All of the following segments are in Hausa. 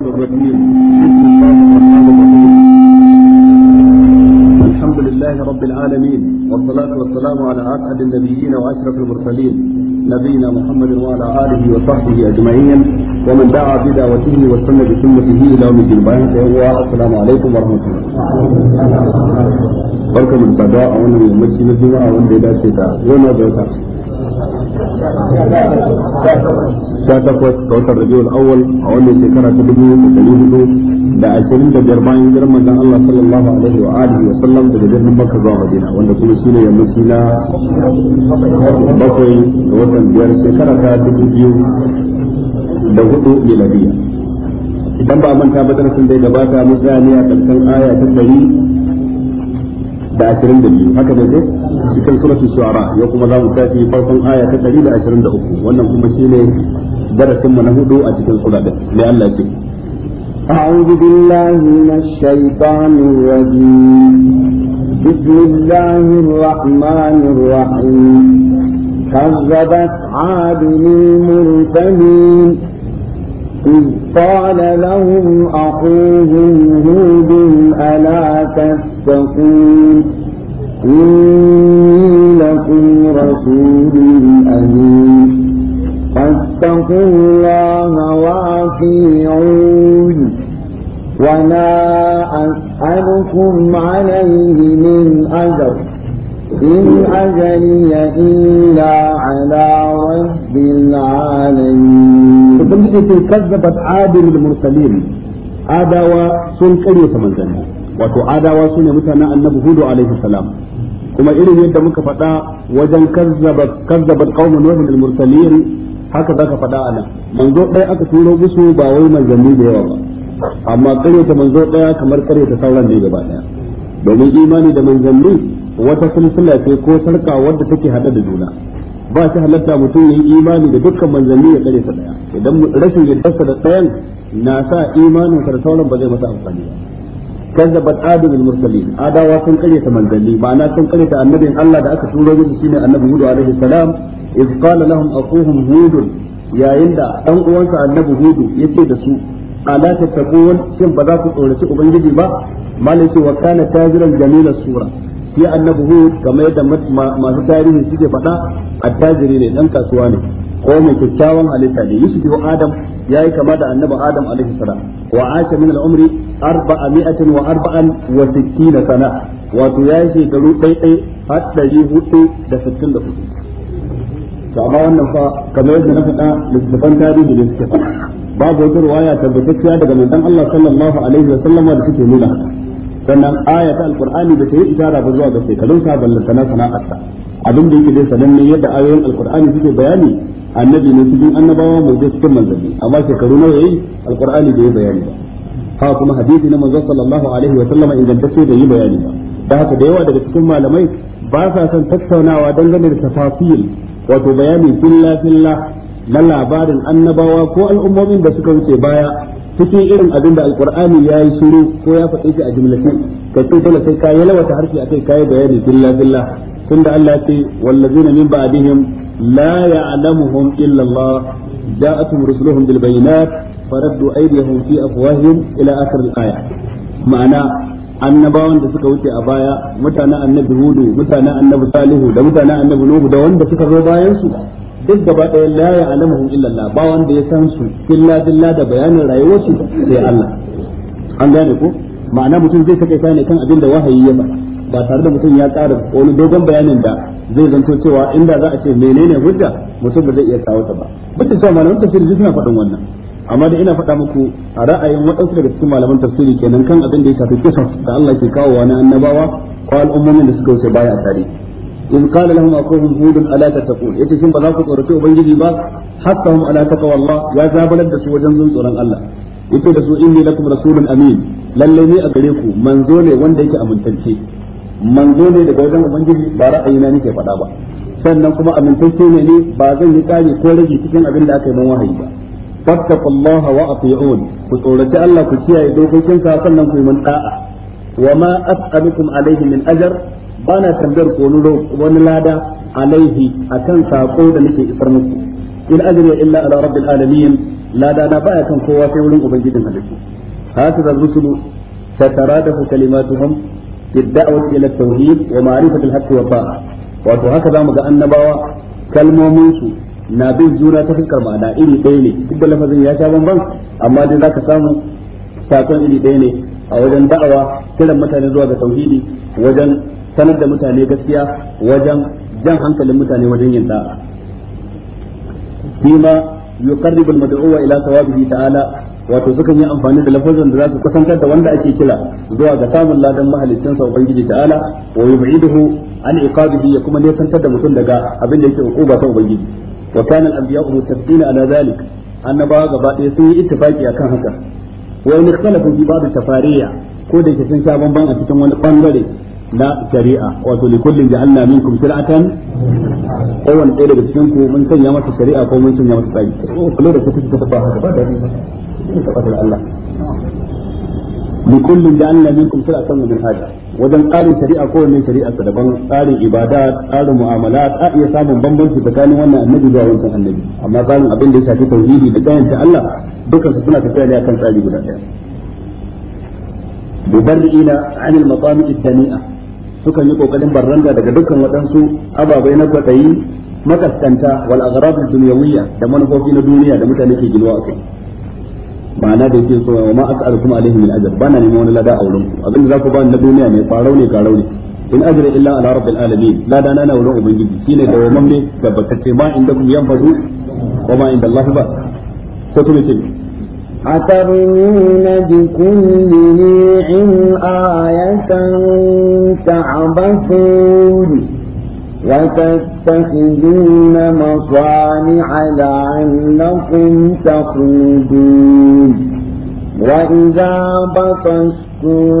الحمد لله رب العالمين والصلاة والسلام على أسعد النبيين وأشرف المرسلين نبينا محمد وعلى آله وصحبه أجمعين ومن دعا بدعوته واستنى بسنته إلى يوم الدين السلام عليكم ورحمة الله بركة من تدعى أولا من yammaci na juma'a wanda ya dace تدعى goma ga wata sha takwas ga watan rabiul awwal a wannan shekara ta dubu da dari hudu da ashirin da biyar bayan hijirar manzon Allah sallallahu alaihi wa alihi wa sallam daga birnin Makka zuwa Madina wanda kuma shine yammaci na bakwai ga watan biyar shekara ta dubu biyu da hudu miladiya idan ba manta ba darasin da ya gabata mun tsaya ne a karshen aya ta dari da ashirin da biyu haka ne cikin suratul shu'ara yau kuma za mu tafi farkon aya ta dari da ashirin da uku wannan kuma shine درسنا نهدو na hudu a لا sura أعوذ بالله من الشيطان الرجيم بسم الله الرحمن الرحيم كذبت عاد المرسلين إذ قال لهم أخوهم هود ألا تتقون إني لكم رسول أمين فاتقوا الله وأطيعون وما أسألكم عليه من أجر إن أجري إلا على رب العالمين كذبت عاد المرسلين adawa sun kare ta manzanni wato adawa su ne mutanen annabi hudu alaihi salam kuma irin yadda muka faɗa wajen kazzabat kazzabat qaumun al mursalin haka zaka faɗa a nan manzo ɗaya aka turo musu ba wai manzanni da yawa ba amma karyata manzo ɗaya kamar ta sauran ne gaba ɗaya domin imani da manzanni wata silsila ce ko sarka wadda take hada da juna ba shi halatta mutum yin imani da dukkan manzanni ya ta ɗaya idan rashin yardarsa da ɗayan na sa imanin sa da sauran ba zai masa amfani ba كذبت آدم المرسلين آدم وكن ma'ana kun kare ta annabin Allah da da turo تولو شيني annabi هود alaihi salam iz qala lahum aquhum hud yayin da ɗan uwansa annabi hudu ya yace da su ala tattaqun shin ba za ku tsoraci ubangiji ba malai ce wa kana tajiran jamila sura shi annabi hudu kamar yadda masu tarihi suke faɗa a attajiri ne dan kasuwa ne ko mai kyakkyawan halitta ne yusuf ko adam yayi kama da annabi adam alaihi salam wa asha min al-umri 400 wa arba'an wa sana wato yayi shekaru ɗaiɗai har 464 to amma wannan fa kamar yadda na faɗa littafan tarihi da suke babu wata riwaya tabbatacciya daga dan Allah sallallahu alaihi wa sallam da suke nuna haka sannan aya ta alqur'ani da ta yi isara ba zuwa ga shekarun sa ballantana sana'arsa abin da yake dai sananne yadda ayoyin alqur'ani suke bayani annabi ne cikin annabawa mai zai cikin manzanni amma shekaru nawa yayi alqur'ani da ya bayani ba ha kuma hadisi na manzon sallallahu alaihi wa sallam ingantacce da yi bayani ba da haka da yawa daga cikin malamai ba sa son tattaunawa dangane da tafasil wato bayani filla filla na labarin annabawa ko al'ummomin da suka wuce baya cikin irin abin da alqur'ani ya yi shiru ko ya faɗi shi a jumlace kai sai dole sai kayi lawata harshe akai kayi bayani filla filla tunda Allah ce wallazina min ba'dihim la ya'lamuhum illa Allah ja'atuhum rusuluhum bil bayyinat faraddu aydihim fi afwahihim ila akhir al-aya ma'ana annabawan da suka wuce a baya mutanen annabi hudu mutanen annabi salihu da mutanen annabi nuhu da wanda suka zo bayan su duk gaba ɗaya la ya alamuhum illallah ba wanda ya san su illa billah da bayanin rayuwarsu sai Allah an gane ko ma'ana mutum zai takaita ne kan abin da wahayi ya ba ba tare da mutum ya tsara wani dogon bayanin da zai zanto cewa inda za a ce menene hujja mutum ba zai iya kawo ta ba mutum sai malamin tafsir suna faɗin wannan amma da ina faɗa muku a ra'ayin waɗansu daga cikin malaman tafsiri kenan kan abin da ya shafi kisan da Allah ke kawowa na annabawa ko al'ummomin da suka wuce baya a tare in qala lahum aqum hudun ala tattaqun yace shin ba za ku tsorace ubangiji ba hatta hum ala taqwa Allah ya zabalar da su wajen zun tsoron Allah yace da su inni lakum rasulun amin lalle ne a gare ku manzo ne wanda yake amintacce manzo ne daga wajen ubangiji ba ra'ayina nake faɗa ba sannan kuma amintacce ne ne ba zan yi kare ko rage cikin abin da aka yi man wahayi ba fattaqu Allah wa ati'un ku tsoraci Allah ku kiyaye dokokin sa sannan ku yi mun wa ma as'alukum alaihi min ajr bana tambayar ko wani lada alaihi akan sako da nake isar muku in ajri illa ala rabbil alamin lada na baya kan kowa sai wurin ubangijin halittu haka da rusulu tataradafu kalimatuhum bidda'wati ila tauhid wa ma'rifati al-haqq wa ta'a wato haka zamu ga annabawa kalmomin su na bin juna ta fuskar ma'ana iri ɗaya ne duk da lafazin ya sha bamban amma dai zaka samu sakon iri ɗaya ne a wajen da'awa kiran mutane zuwa ga tauhidi wajen sanar da mutane gaskiya wajen jan hankalin mutane wajen yin da'a fima yuqarribul mad'uwa ila thawabihi ta'ala wato sukan yi amfani da lafazin da za su kusantar da wanda ake kira zuwa ga samun ladan mahalicin sa ubangiji ta'ala wa yub'iduhu an iqabihi ya kuma nesantar da mutum daga abin da yake ukuba ta ubangiji wa kana al-anbiya muttafaqina ala zalik annabawa gaba ɗaya sun yi ittifaki akan haka wa in ikhtalafu fi ba'd tafariya ko da yake sun sha bamban a cikin wani bangare na shari'a wato li kullin ja'alna minkum shir'atan kowanne ɗaya daga cikin mun sanya masa shari'a ko mun sanya masa tsari Allah li kullin da Allah minkum shir'atan min hada wajen tsarin shari'a ko wannan shari'a sadaban daban ibada tsarin mu'amala a iya samun bambanci tsakanin wannan annabi da wannan annabi amma tsarin abin da ya shafi tauhidi da tsayin ta Allah dukkan suna tafiya ne akan tsari guda ɗaya mubarri'ina 'an al-matami' ad-dani'a sukan yi kokarin barranta daga dukkan waɗansu ababai na kwatayi makaskanta wal aghrab ad-dunyawiyya da manufofi na duniya da mutane ke gilwa akai ma'ana da yake so wa ma as'alukum alaihi min ajr bana neman wani lada a wurin abinda zaku ba na duniya ne farau ne garau ne in ajra illa ala rabbil alamin lada na na wurin ubangiji shine da wannan ne da bakatce ma inda kun yan fadu wa ma inda Allah ba ko to ne أترمون بكل ريع آية تعبثون وتتخذون مصانع لعلكم تخلدون وإذا بطشتم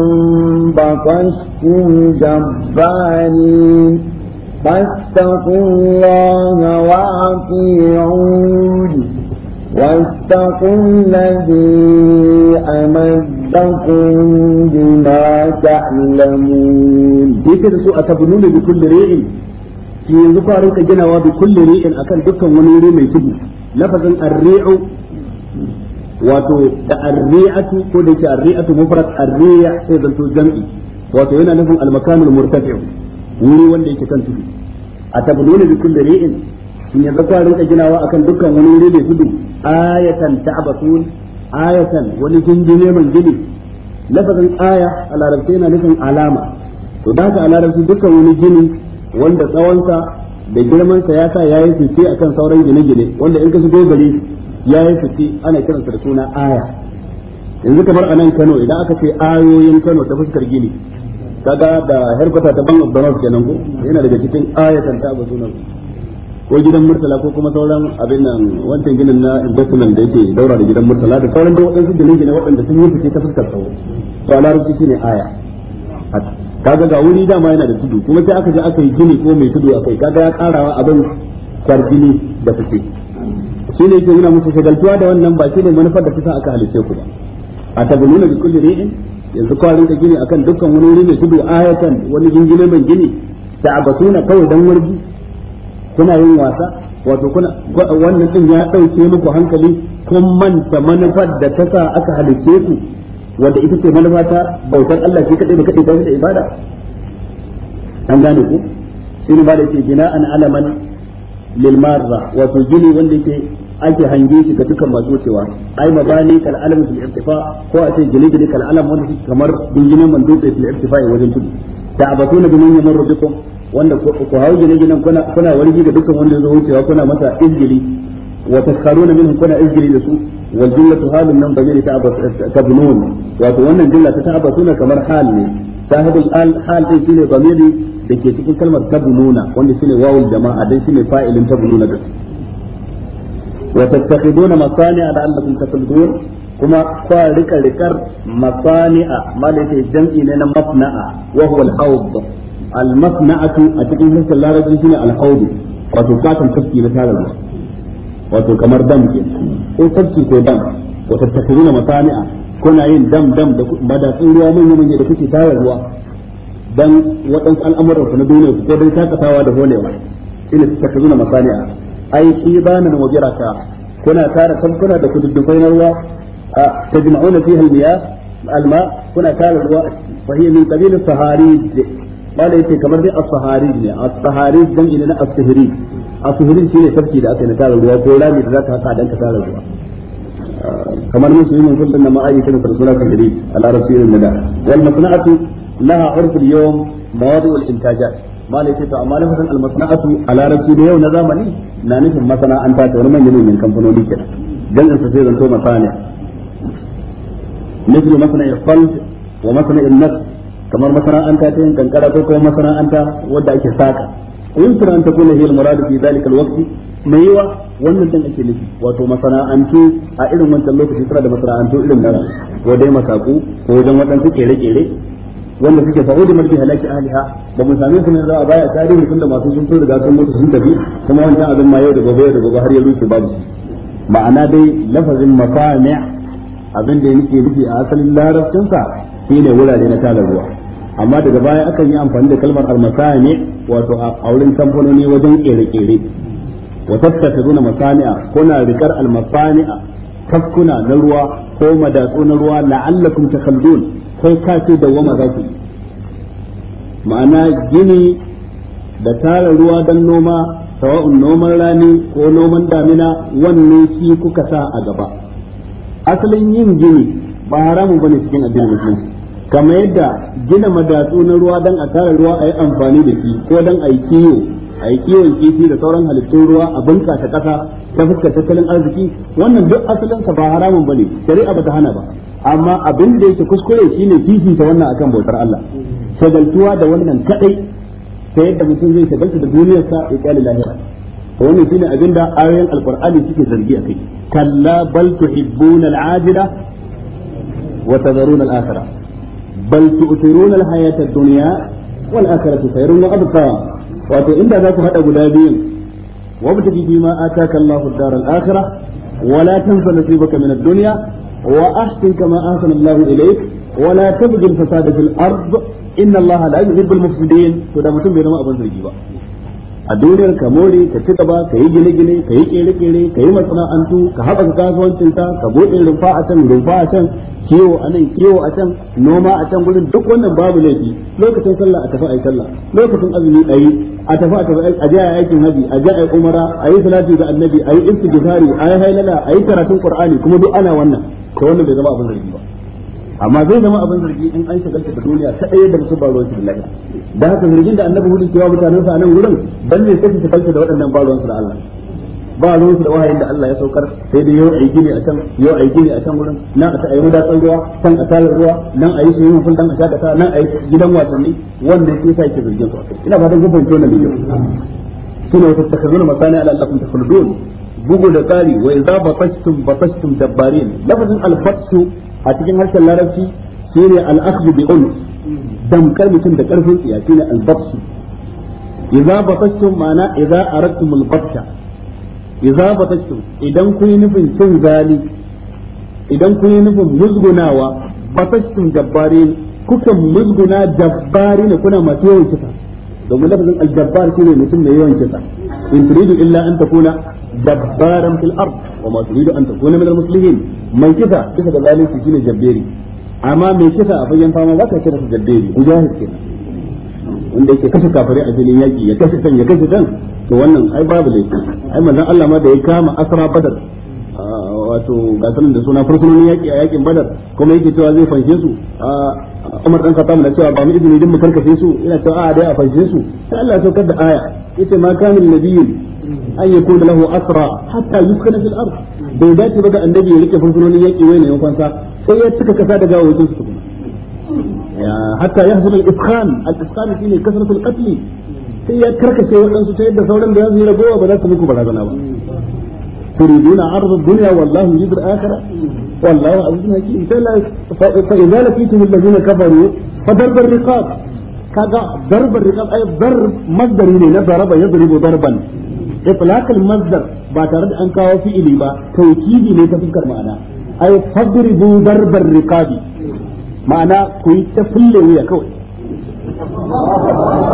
بطشتم جبارين فاتقوا الله وأطيعون واتقوا الذي أمدكم بما تعلمون. ديك سوء تبنون بكل ريع in yanzu ka rinka ginawa bi kulli ri'in akan dukkan wani wuri mai tudu lafazin arri'u wato da arri'atu ko da yake arri'atu mufrad arri'a sai zanto jam'i wato yana nufin al-makanul murtafi wuri wanda yake kan tudu a tabnuna bi kulli ri'in in yanzu ka rinka ginawa akan dukkan wani wuri mai tudu ayatan ta'batun ayatan wani jinjine man gini lafazin aya a larabci yana nufin alama to da haka a larabci dukkan wani gini wanda tsawonsa da girmansa ya sa ya yi fice akan sauran gine-gine wanda in ka shigo gari ya yi fice ana kiransa da suna aya yanzu kamar a nan Kano idan aka ce ayoyin Kano ta fuskar gini kaga da harkata ta ban Abdullah kenan ko yana daga cikin ayatan ta ba sunan ko gidan murtala ko kuma sauran abin nan wancan ginin na investment da yake daura da gidan murtala da sauran da waɗansu gine-gine waɗanda sun yi fice ta fuskar tsawo to a larabci shine aya kaga ga wuri dama yana da tudu kuma sai aka je aka yi gini ko mai tudu akai kaga ya karawa abin kwargini da fice shi ne yake nuna musu shagaltuwa da wannan ba shi ne manufar da kusa aka halice ku ba a tabuluna bi kulli ri'in yanzu kwarin ka gini akan dukkan wani wuri mai tudu ayatan wani gingime mai gini da abatuna kawai dan wargi kuna yin wasa wato kuna wannan din ya dauke muku hankali kun manta manufar da ta sa aka halice ku wanda ita ce manufa ta bautar Allah shi kadai da kadai ta da ibada an gane ku shi ne ba da ce bina'an alaman lil marra wato gini wanda yake ake hange shi ga dukkan masu wucewa ai mabani kal alam fil irtifa ko a ce gine gine kal alam wanda yake kamar dingine man dutse fil irtifa wajen tudu da abatuna bi man yamurru bikum wanda ku hawo gine ginen kuna kuna wargi ga dukkan wanda ya zo wucewa kuna masa injili وتسخرون منهم كنا اجري لسوء والجملة حال من ضمير تبنون وتوانا الجملة تتعبسون كمر حال صاحب الآل حال دي سنة ضميري دكي تكون كلمة تبنون وان سنة واو الجماعة دي سنة فائل تبنون بس وتتخذون مصانع لعلكم تخلدون كما فارق لكر مصانع ما ليس الجمع لنا مصنع وهو الحوض المصنعة أتكلم في اللارجي سنة الحوض وتوقعتم تفكي لتهذا الوقت wato kamar dam ke ko sabki ko dam ko tattakiruna masani'a kuna yin dam dam da madatsun ruwa manya manya da kuke tara ruwa dan waɗansu al'amuran ku na duniya ko dan shakatawa da holewa ina tattakiruna masani'a ai ibanan wa biraka kuna tara tabkuna da kududdufai na ruwa a tajma'una fiha al-miyah al-ma kuna tara ruwa fa hiya min qabil saharid bala yace kamar dai as-saharij ne as-saharij dan ina na as-sihri as-sihri shine tafki da aka yi na tara ruwa ko rami da zaka haka dan ka tara ruwa kamar musu yin kun dan ma'ayi kan rasulullah kan hadith al-arabi ibn nada wal masna'atu laha urf al-yawm mawadi' al-intajat bala yace to amma lafazan al-masna'atu al-arabi da yau na zamani na nufin masana'anta ta wani manyan manyan kamfanoni kenan dan in sai zanto masana مثل مصنع الصلب ومصنع النفط kamar masana'anta ta yin kankara ko kuma masana'anta wadda ake saka yumkin an ta kula hiyar muradu fi dhalika alwaqti mai yiwa wannan din ake nufi wato masana'antu a irin wancan lokaci tsara da masana'antu irin nan ko dai masaku ko wajen wadansu kere-kere wanda suke fa'o da mulki halaki ahliha ba mu same su ne za a baya tarihi tunda masu sun so daga sun mutu sun tafi kuma wancan abin ma yau da gobe da gobe har ya rushe babu ma'ana dai lafazin mafani' abin da yake nufi a asalin larabcinsa shine wurare na tara ruwa amma daga baya akan yi amfani da kalmar ne wato a wurin kamfanoni wajen kere-kere wa tattakiruna masani'a kuna rikar almasani'a tafkuna na ruwa ko madatsu na ruwa la'allakum takhallun kai ka ce dawwama za ku ma'ana gini da tara ruwa dan noma sawa'un noman rani ko noman damina wannan shi kuka sa a gaba asalin yin gini ba haramun bane cikin addinin musulunci kamar yadda gina madatsu na ruwa dan a tara ruwa a yi amfani da shi ko dan a yi kiwo a yi kiwon kifi da sauran halittun ruwa a bunƙasa ƙasa ta fuskar tattalin arziki wannan duk asalinsa ba haramun ne shari'a bata hana ba amma abin da yake kuskure shine ta wannan akan bautar Allah shagaltuwa da wannan kadai ta yadda mutum zai shagalta da duniyarsa ya kyale lahira wannan shine abin da ayoyin alqur'ani suke zargi akai kalla bal tuhibbuna al'ajila wa tadharuna al'akhirah bal tu'thiruna al-hayata ad-dunya wal akhiratu khairun wa abqa wato inda za ku haɗa guda biyun wabtaki fi ma ataka Allahu ad-dar al-akhirah wa la tansa nasibaka min ad-dunya wa ahsin kama ahsana Allahu ilayk wa la tabghi al-fasada fil ard inna Allaha la yuhibbu al-mufsidin to da mutum bai zama abin zargi ba a duniyar ka more ka ci gaba ka yi gine-gine ka yi kere-kere ka yi masana'antu ka kasuwancin ta ka buɗe rumfa a can rumfa a can kiwo a nan kiwo a can noma a can gurin duk wannan babu laifi lokacin sallah a tafi a yi sallah lokacin azumi a yi a tafi a tafi a je aikin haji a je umara a yi salatu da annabi a yi istighfari a yi hailala a yi karatun qur'ani kuma duk ana wannan to wannan bai zama abin da ba amma zai zama abin zargi in an shagalta da duniya ta ɗaya daga su baruwan su da lahira da haka zargin da annabi hudu cewa mutanen sa nan wurin ban ne sai su shagalta da waɗannan baruwan su da Allah ba ruwan su da wahayin da Allah ya saukar sai dai yau ai gini a can yau ai gini a can wurin nan a ta ayi tsan ruwa can a talar ruwa nan a yi su yi mun dan a sha kasa nan yi gidan wasanni wannan sai sai ke zargin su ina fatan kun fahimci wannan bidiyo sune wata takarruna masani ala lakum tafurdun bugu da tsari wa idza batashtum batashtum dabbarin lafazin albatsu a cikin harshen larabci shi ne akhdhu bi ulf damkar mutum da karfin tsiya shine al-babsu idza batashtum ma'ana idza aradtum al-batsha idza batashtum idan kun yi nufin cin zali idan kun yi nufin musgunawa batashtum jabbarin kukan musguna jabbari ne kuna masu yawan kisa domin lafazin al-jabbar ne mutum mai yawan kisa in turidu illa an takuna dabbaran fil ard wa ma turidu an takuna min al-muslimin mai kisa kisa da zalunci shine jabberi amma mai kisa a fagen fama ba ka kira su jabberi mujahid kenan wanda yake kashe kafare a filin yaki ya kashe kan ya kashe kan to wannan ai babu laifi ai manzon Allah ma da ya kama asra badar wato gasanin da suna fursunonin yaƙi a yaƙin badar kuma yake cewa zai fanshe su Umar dan mu na cewa ba mu izini din mu karkace su ina cewa a dai a fanshe su sai Allah ya saukar da aya ita ma kamin nabiyyin an yakun lahu asra hatta yuskana fil ard bai dace ba ga annabi ya rike fursunonin yaƙi wai ne yankwansa sai ya cika kasa da gawawacin su tukuna hatta yahzul al-iskhan al-iskhan shine kasratul qatl sai ya karkace waɗansu ta yadda sauran da za su yi ragowa ba za su muku barazana ba تريدون عرض الدنيا والله يريد الآخرة والله عزيز حكيم فإذا لكيتم الذين كفروا فضرب الرقاب كذا ضرب الرقاب أي ضرب مصدر لنا ضرب يضرب ضربا إطلاق المصدر بعد أن كاو في إليبا توكيدي لتفكر معنا أي فضربوا ضرب الرقاب معنى كوي تفل ويا كوي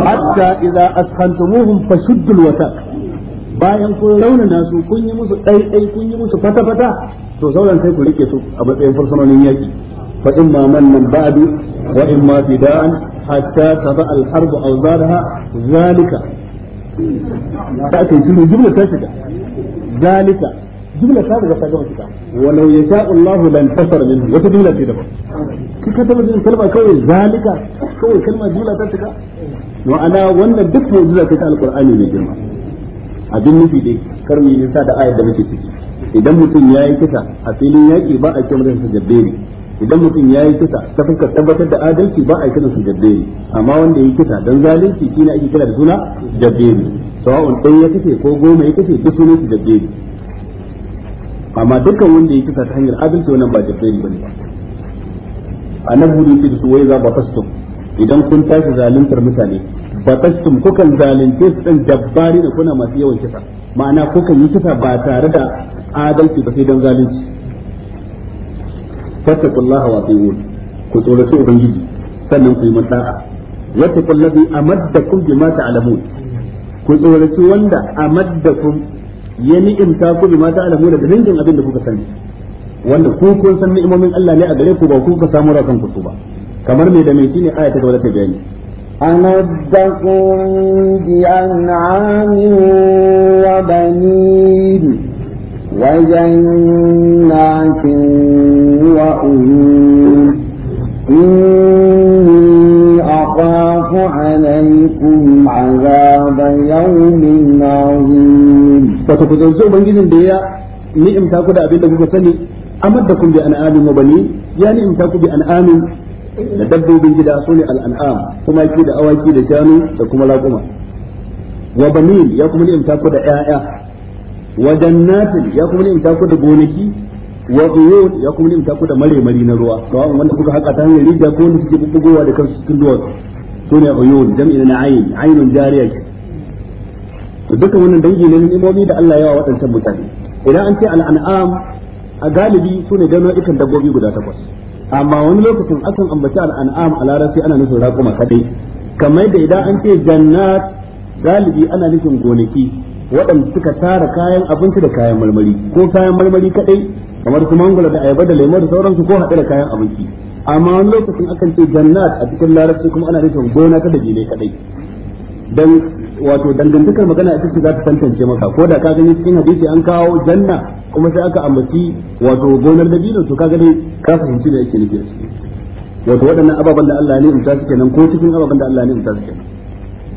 حتى إذا أسخنتموهم فشدوا الوثاق bayan kun raunana su kun yi musu ɗaiɗai kun yi musu fata-fata to sauran sai ku rike su a matsayin fursunonin yaƙi fa in ma man nan ba'du wa in ma fida'an hatta taba al-harbu aw zalaha zalika da aka yi shiru jumla ta shiga zalika jumla ta daga ta gama shiga walau yasha'u Allah lan tasar minhu wata jumla ce daban kika taba jin kalma kawai zalika kawai kalma jumla ta shiga wa'ana wannan duk mu'jiza ta alqur'ani ne girma abin nufi dai kar mu nisa da ayar da muke ciki idan mutum ya yi kisa a filin yaƙi ba a kiran sa jabberi idan mutum ya yi kisa ta fuskar tabbatar da adalci ba a kisa su jabberi amma wanda ya yi kisa don zalunci shine ake kira da suna jabberi sawa'un ɗan ya kise ko goma ya kise duk sunan su jabberi amma dukkan wanda ya kisa ta hanyar adalci wannan ba jabberi bane a nan ne ce da su wai za ba fasto idan kun tashi zaluntar mutane batastum kukan zalunce su dan dabbari da kuna masu yawan kisa ma'ana kukan yi kisa ba tare da adalci ba sai dan zalunci kullaha wa tayyibun ku tsorace ubangiji sannan ku yi mata'a wattaqul ladhi amaddakum bima ta'lamun ku tsorace wanda amaddakum ya ni'imta ku bima ta'lamun da dangin abin da kuka sani wanda ku kun san ni'imomin Allah ne a gare ku ba ku ka samu rakan ku ba kamar me da me shine aya da gaba ta bayani أمدكم بأنعام وبنين وجنات وأمين إني أخاف عليكم عذاب يوم عظيم فتفضل زوبا جدا ديا نئم تاكد أبيتك وسني أمدكم بأنعام وبنين يعني أمتاكم بأنعام da dabbobin gida su ne al'an'am kuma ki da awaki da shanu da kuma raƙuma wa banin ya kuma ni'imta ku da ƴaƴa wa jannatin ya kuma ni'imta ku da gonaki wa uyun ya kuma ni'imta ku da maremari na ruwa kawai wanda kuka haka ta hanyar rijiya ko wanda suke bubbugowa da kansu cikin duwatsu su ne uyun jam'i na ayin ainun jariya to dukkan wannan dangi ne ni'imomi da Allah ya wa waɗancan mutane idan an ce al'an'am a galibi su ne gano ikan dabbobi guda takwas amma wani lokacin akan ambaci al'an'am a larabci ana nufin raƙuma kadai kamar da idan an ce jannat galibi ana nufin gonaki waɗanda suka tara kayan abinci da kayan marmari ko kayan marmari kadai kamar su mangula da ayaba da lemo da sauransu ko haɗe da kayan abinci amma wani lokacin akan ce jannat a cikin larabci kuma ana nufin gona ta da ne kadai dan wato dangantakar magana ita ce za ta tantance maka ko da ka gani cikin hadisi an kawo janna kuma sai aka ambaci wato gonar dabino to ka gani ka fahimci da yake nufi a ciki wato waɗannan ababen da Allah ne in ta suke nan ko cikin ababen da Allah ne in ta suke nan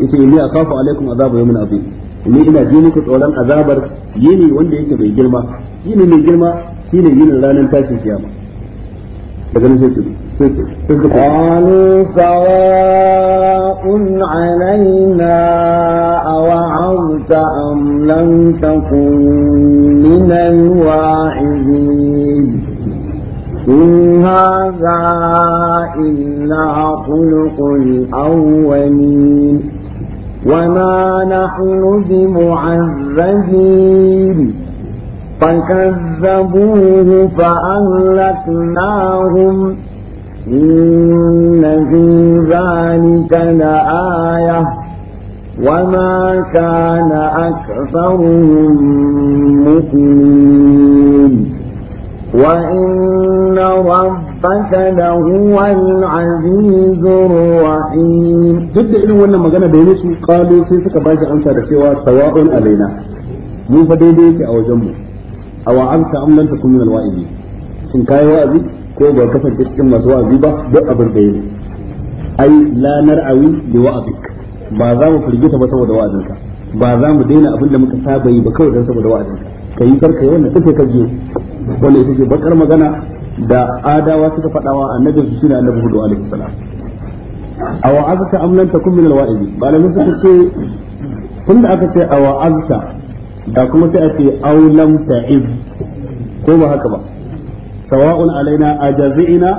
yace inni akhafu alaikum azabu yawmin azim ni ina ji muku tsoron azabar yini wanda yake bai girma yini mai girma shine yinin ranar tashin kiyama daga nan sai قالوا سواء علينا أوعظت أم لم تكن من الواعظين إن هذا إلا خلق الأولين وما نحن بمعذبين فكذبوه فأهلكناهم إن في ذلك لآية وما كان أكثرهم مؤمنين وإن ربك لهو العزيز الرحيم duk da irin wannan magana da yi su kalu sai suka ba shi amsa da cewa sawa'un alaina mu fa daidai yake a wajenmu awa amsa amlanta kun min alwa'ibi sun kai wa'azi ko ba kasance cikin masu wa'azi ba duk abin da yake ai la nar'awi bi wa'azik ba za mu firgita ba saboda wa'azinka ba za mu daina abin da muka saba yi ba kawai don saboda wa'azinka kai farka yawan da ka je wanda ita ce bakar magana da adawa suka fadawa annabin su shine annabi hudu alaihi salam aw azka am lam takun min alwa'izi ba la musu ce tunda aka ce aw azka da kuma sai a ce aw lam ko ba haka ba sawa'un alaina ajazina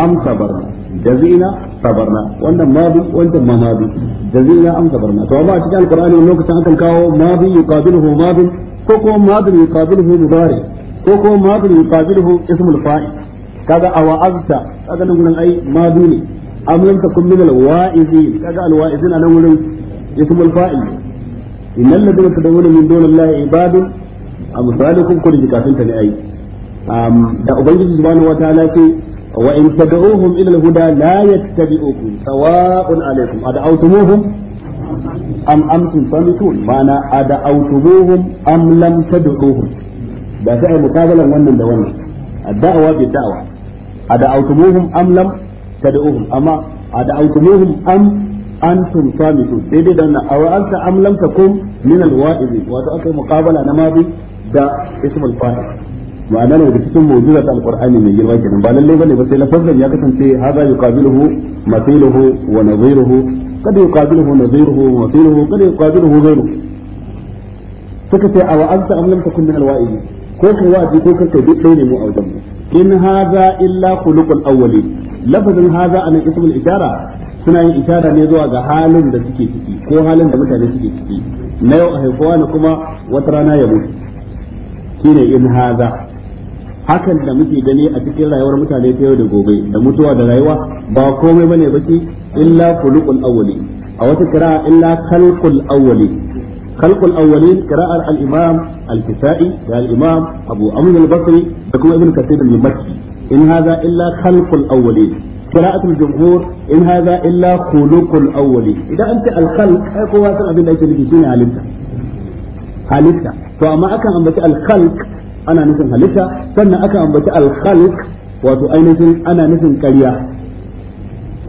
am sabarna jazina sabarna wannan madi wannan ma madi jazina am sabarna ba a cikin alqur'ani lokacin akan kawo madi yuqabiluhu madi ko ko madi yuqabiluhu mudari ko ko madi yuqabiluhu ismul fa'il kaga awa'azta kaga nan gurin ai madi ne am lam takun min alwa'izin kaga alwa'izin nan gurin ismul fa'il innal ladina tad'una min dunillahi ibadun amsalukum kullu jikatin tani ai da ubangiji subhanahu wataala ce wa in tad'uhum ila al-huda la yattabi'ukum sawa'un alaykum ad'awtumuhum am amtum samitun mana ad'awtumuhum am lam tad'uhum da sai mukabalan wannan da wannan ad-da'wa bid-da'wa ad'awtumuhum am lam tad'uhum amma ad'awtumuhum am antum samitun sai dai dan aw anta am lam takum min al-wa'izin wato akai muqabala na mabi da ismul fa'il ma'ana daga cikin mu'jiza ta alqur'ani mai girma kenan ba lalle bane ba sai lafazin ya kasance hadha yuqabiluhu mathiluhu wa nadhiruhu kada yuqabiluhu nadhiruhu wa mathiluhu kada yuqabiluhu ghayruhu suka ce awa anta am lam takun min alwa'idi ko kai wa'idi ko kai duk sai ne mu a wajen in hadha illa khuluqul awwali lafazin hadha anan ismul ishara suna yin ishara ne zuwa ga halin da suke ciki ko halin da mutane suke ciki na yau a haifuwa na kuma wata rana ya mutu shine in hadha hakan da muke gani a cikin rayuwar mutane ta yau da gobe da mutuwa da rayuwa ba komai bane baki illa khuluqul awwali a wata qira'a illa khalqul awwali khalqul awwali qira'ar al-imam al-kisai da al-imam abu amr al-basri da kuma ibn kathir al-makki in hadha illa khalqul awwali قراءة الجمهور إن هذا إلا خلق الأولي إذا أنت الخلق أي قوة أبدا يتلقي شيء halitta. halitta to amma akan ambaci ana nufin halitta sannan aka ambaci al-khalq wato ainihin ana nufin ƙarya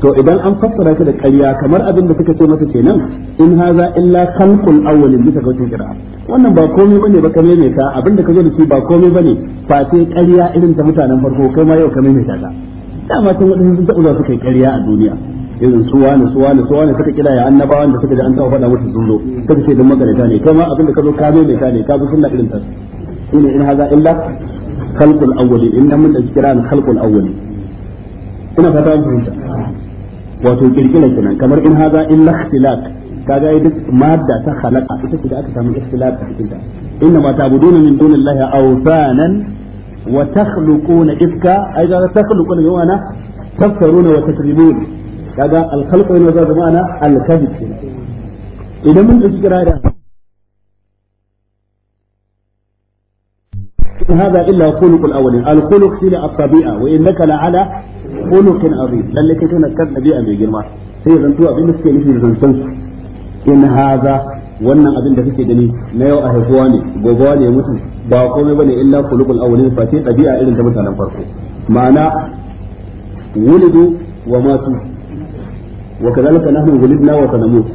to idan an fassara shi da ƙarya kamar abin da suka ce masa kenan in haza illa khalqul awwalin bisa ga wacin kira wannan ba komai bane ba kame mai ta abin da ka zo da shi ba komai bane fa sai ƙarya irin ta mutanen farko kai ma yau kame mai ta ta dama tun wadannan sun taɓa suka yi ƙarya a duniya irin su wani su wani su wani suka kira ya annabawan da suka ji an taɓa faɗa musu sun zo suka ce don magarata ne kai ma abin da ka zo ka mai ta ne ka bi sunna irin ta shine in haza illa khalqul awwalin in dan mun da kira ina fata wato kirkiran kenan kamar in haza illa ikhtilaq kaga duk madda ta khalaqa ita ce da aka samu ikhtilaq a cikin ta inna ma ta'buduna min dunillahi awsanan wa takhluquna ifka ai ga takhluquna bi kaga al al da إن هذا إلا خلق الأولين الخلق شيء الطبيعة وإنك لعلى خلق mai girma sai تنكر نبيئة بجرمة سيدا توا بمسكي نفسي زنسنس إن هذا wannan abin da kake gani na yau a haihuwa ne gobewa ne mutu ba komai bane illa khuluqul awwalin fa sai dabi'a irin ta mutanen farko ma'ana wulidu wa matu wa kadhalika nahnu wulidna wa sanamut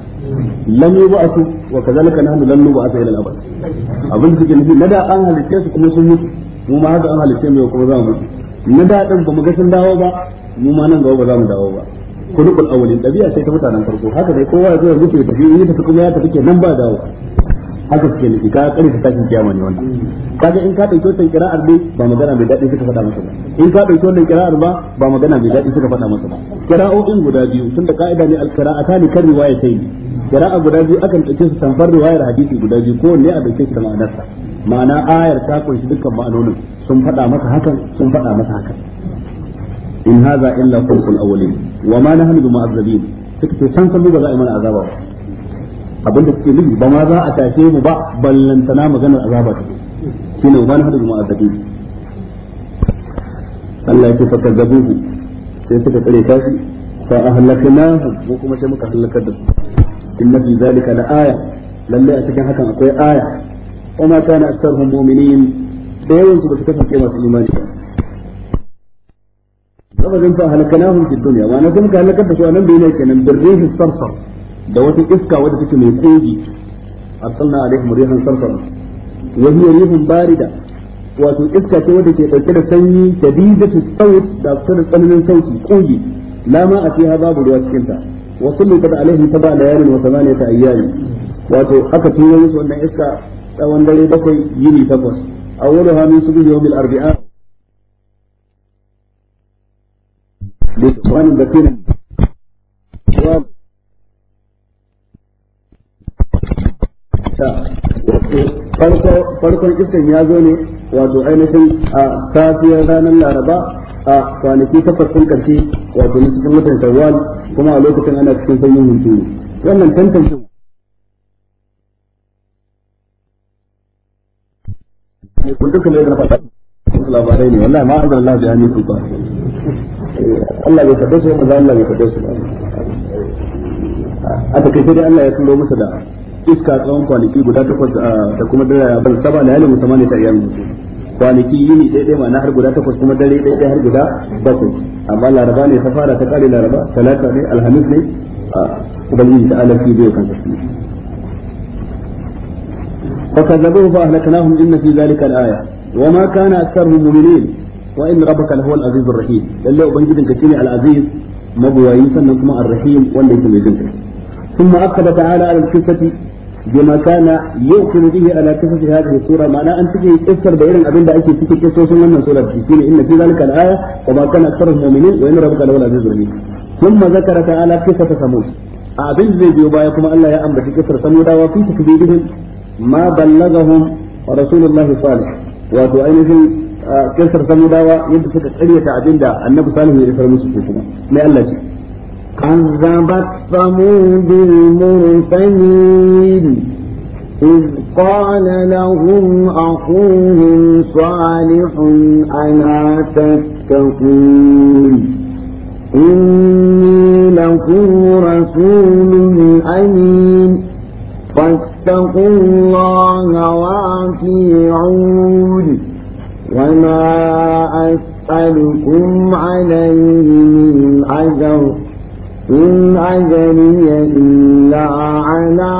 lam ba'atu wa kadhalika nahnu lam nub'atha ila al-abad abin da nufi na da an halice su kuma sun mutu mu ma haka an halice mu kuma za mu mutu na da din ba mu ga sun dawo ba mu ma nan gaba ba za mu dawo ba kulukul awwalin dabi'a sai ta mutanen farko haka dai kowa ya mutu ya tafi yi tafi kuma ya tafi ke nan ba dawo haka suke nufi ka kare ta tashin kiyama ne wannan kaga in ka dauki wannan kira'ar dai ba magana mai dadi suka faɗa masa ba in ka dauki wannan kira'ar ba ba magana mai dadi suka faɗa masa ba kira'o'in guda biyu tunda ka'ida ne al-qira'atani kan riwayatayn kira'a guda biyu akan ɗauke su tamfar riwayar hadisi guda biyu ko ne a ɗauke shi da ma'anarsa ma'ana ayar ta kunshi dukkan ma'anonin sun faɗa masa hakan sun faɗa masa hakan in haza illa qulul awwalin wa ma nahnu bi mu'azzabin suka ce san san ba za a yi mana azaba ba abinda suke nufi ba ma za a tashe mu ba ballantana maganar azaba ta shine wa ma nahnu bi mu'azzabin Allah ya ce fa kazzabuhu sai suka tsare tashi fa ahlakna ko kuma sai muka halaka da su inna fi zalika la aya lalle a cikin hakan akwai aya wa ma kana aktharuhum mu'minin da yawan su ba su kasance masu imani ba lafazin fa halakanahum fi dunya wa nazum ka halakar da su anan bai ne kenan birrihi sarsar da wata iska wadda take mai kogi arsalna alaihim rihan sarsar wa hiya rihun barida wato iska ce wadda ke dauke da sanyi shadidatu sawt da kuma tsananin sauti kogi lama a fiha babu ruwa cikin ta wa kullum kada alaihi saba layalin wa ta ayyami wato aka turo musu wannan iska tsawon dare bakwai yini takwas awwaluha min subhi yawmil arbi'a bi qur'anin zakirin wa farkon iskan ya zo ne wato ainihin a safiyar ranar laraba a kwanaki takwas sun karshe wato na cikin watan shawwal kuma a lokacin ana cikin sanyin hunturu wannan tantance ne kun duka ne da fata labarai ne wallahi ma azan Allah ya su ba Allah bai fada su ba Allah bai fada su ba a takaice dai Allah ya turo musu da iska tsawon kwanaki guda takwas da kuma dare ya bar saba da yalin musamman ta iyalin mutum kwanaki yini ɗaya ɗaya ma'ana har guda takwas kuma dare ɗaya ɗaya har guda bakwai amma laraba ne ta fara ta ƙare laraba talata ne alhamis ne a ubangiji ta alaƙi zai kan sarki فكذبوه فأهلكناهم إن في ذلك الآية وما كان أكثرهم مؤمنين وإن ربك لهو العزيز الرحيم لله أبنجد كثير العزيز مبوائي سنكما الرحيم والذي يجنك ثم أكد تعالى على الكفة بما كان يؤكل به على قصص هذه السورة معنى أن تجي تفسر بإيران أبين ده أكيد تجي قصص من سورة الشيكين إن في ذلك الآية وما كان أكثر المؤمنين وإن ربك لهو العزيز الرحيم ثم ذكر تعالى قصة ثمود أبين زي بيبايكم ألا يا أمر في قصة ثمود وفي تكذيبهم ما بلغهم رسول الله صالح wato ainihin kisar samudawa yadda suka karyata abinda annabi salihu ya isar musu kuma mai Allah ce كذبت ثمود المرسلين إذ قال لهم أخوهم صالح ألا تتقون إني لكم رسول أمين فاتقوا الله وأطيعون وما أسألكم عليه من أجر إن أجري إلا على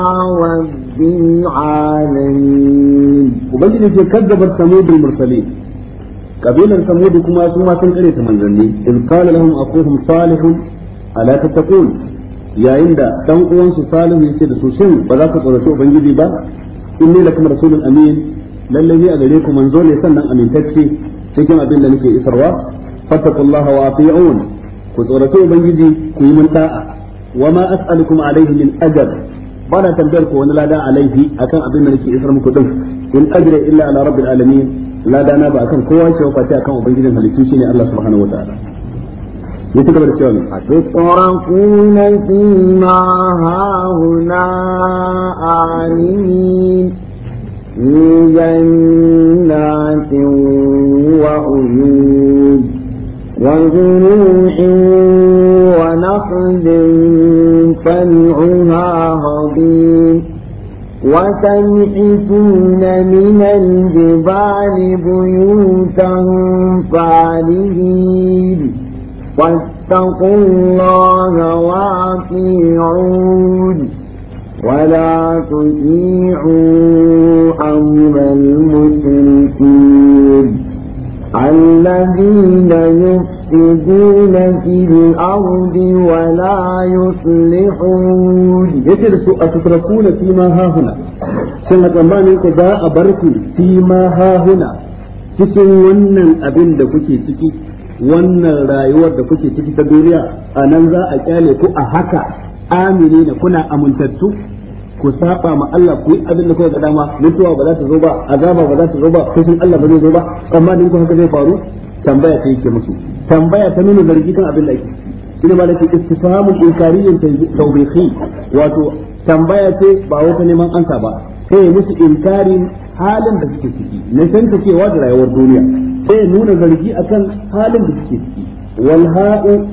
رب العالمين وبجد في كذب الثمود المرسلين قبيلا ثمود كما ثم تنقري تمنزلني إذ قال لهم أخوهم صالح ألا تتقون يا عند تنقوان صالح يسير سوسين بذاك ترسو بنجدي با إني لكم رسول أمين للذي أدريكم منزول يسنن أمين تكسي cikin abin da nake isarwa fattakullaha wa ati'un ku tsorata ubangiji ku yi mun da'a wa ma as'alukum alaihi min ajr ba na tambayar ku wani lada alaihi akan abin da nake isar muku din in ajra illa ala rabbil alamin lada na ba akan kowa ce ba ta akan ubangijin halittu shine Allah subhanahu wataala yace gaba da cewa ne tusrafuna fi ma hauna amin في جنات وعيون وزروع ونخل طلعها هضيم وتنحتون من الجبال بيوتا فارهين واتقوا الله واطيعون ولا تطيعوا أمر المشركين الذين يفسدون في الأرض ولا يصلحون a سوء تتركون فيما ها هنا سنة أماني كذا أبرك فيما ها هنا cikin wannan abin da kuke ciki wannan rayuwar da kuke ciki ta duniya a nan za a kyale ku a haka amini kuna amintattu ku saba ma Allah ku yi abin da kuka ga dama mutuwa ba za ta zo ba azaba ba za ta zo ba fushin Allah ba zai zo ba amma din ku haka zai faru tambaya ta yake musu tambaya ta nuna zargi kan abin da yake shine ma lafi istifhamul inkariyyin tawbihi wato tambaya ce ba wata neman ansa ba sai musu inkarin halin da suke ciki na san cewa da rayuwar duniya sai nuna zargi akan halin da suke ciki wal ha'u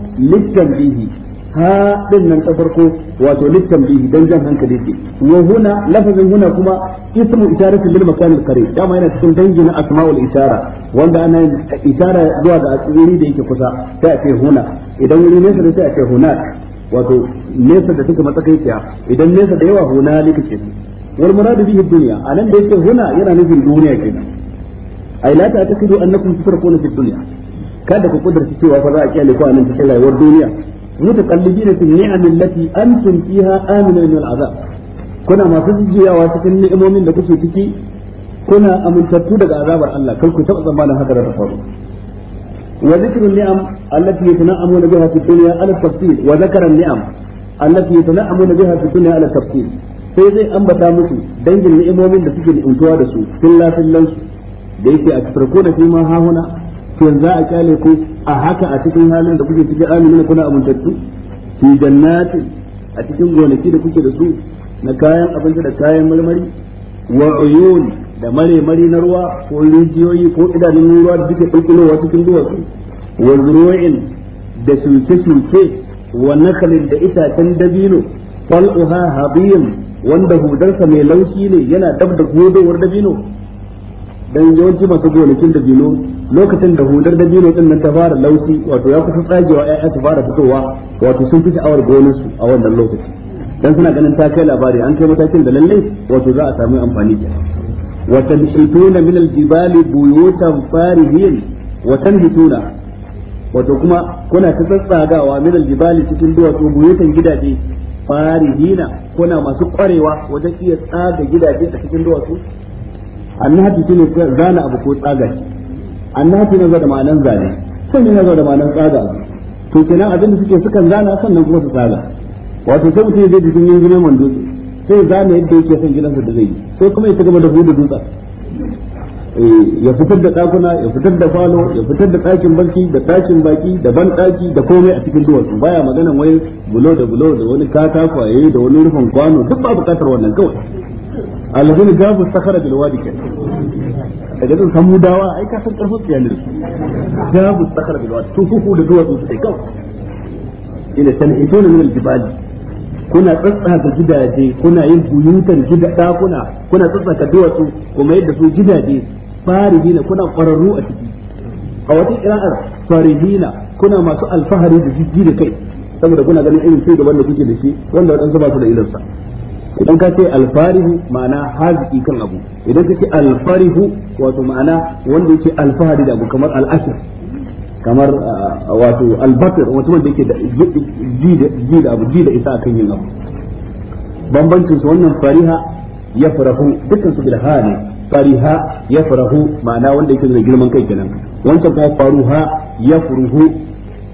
bihi. ha din nan ta farko wato littambihi dan jan hankali ce wa huna lafazin huna kuma ismu isharatu lil makan al qarib dama yana cikin dangin asma'ul isara wanda ana isara zuwa ga asiri da yake kusa sai a ce huna idan wani nesa da sai a ce hunak wato nesa da take matsakaiciya idan nesa da yawa hunalika ce wal muradu bihi dunya anan da yake huna yana nufin duniya kenan ai la ta takidu annakum tusrafuna fid dunya kada ku kudurta cewa fa za a kiyale ku anan cikin rayuwar duniya mutaqallibina fi ni'am allati antum fiha aminu min al'azab kuna masu jijiyawa cikin ni'imomin da kuke ciki kuna amintattu daga azabar Allah kar ku taɓa tsammanin haka da faru wa zikru ni'am allati yatana'amuna biha fi dunya ala tafsir wa zakara ni'am allati yatana'amuna biha fi sai zai ambata musu dangin ni'imomin da suke ni'imtuwa da su fillan da yake a tsarko da kuma hahuna shin za a kyale ku a haka a cikin halin da kuke cikin amina kuna amintattu fi jannatin a cikin gonaki da kuke da su na kayan abinci da kayan marmari wa uyun da mare mari na ruwa ko rijiyoyi ko idanun ruwa da suke kulkulowa cikin duwatsu wa zuru'in da shuke shuke wa nakhlin da itacen dabino fal'uha habiyan wanda hudarsa mai laushi ne yana dab da godowar dabino dan yawanci masu gonakin da bino lokacin da hudar da bino din nan ta fara laushi wato ya kusa tsagewa yaya ta fara fitowa wato sun fi sha'awar gonar su a wannan lokaci dan suna ganin ta kai labari an kai matakin da lalle wato za a samu amfani da wa tanhituna min al-jibali buyutan farihin wa tanhituna wato kuma kuna ta tsatsagawa min al-jibali cikin duwatsu buyutan gidaje farihina kuna masu kwarewa wajen iya tsaga gidaje a cikin duwatsu annahatu shine zana abu ko tsaga shi annahatu yana da ma'anan zane san yana da ma'anan tsaga to kenan abin da suke sukan zana sannan kuma su tsaga wato sai mutum zai jikin yin gidan wando sai zana yadda yake son gidansa da zai yi sai kuma ya ci gaba da hudu dutsa eh, ya fitar da ɗakuna ya fitar da falo ya fitar da ɗakin barci da ɗakin baki da ban ɗaki da komai a cikin duwatsu baya magana wai bulo da bulo da wani katakwaye da wani rufin kwano duk ba buƙatar wannan kawai alladhina jabu sakhara bil wadi kan daga zan samu dawa ai ka san karfin su yanar jabu sakhara bil wadi to kuku da duwatsu su kai ila tanhituna min nuna jibali kuna tsatsaka gidaje kuna yin buyutar gida kuna kuna tsatsaka duwatsu kuma yadda su gidaje farihina kuna kwararru a ciki a wata kira'ar farihina kuna masu alfahari da jijji da kai saboda kuna ganin irin sai gaban da kuke da shi wanda wadansu ba su da irinsa idan ka ce alfarihu ma'ana haziki kan abu idan ka ce alfarihu wato ma'ana wanda yake alfahari da abu kamar al'ashir kamar ah, wato albatir wato wanda yake ji da abu ji da isa kan yin abu bambancin su wannan fariha ya farahu dukkan su bilha ne fariha ya farahu ma'ana wanda yake da girman kai kenan wancan kuma faruha ya furuhu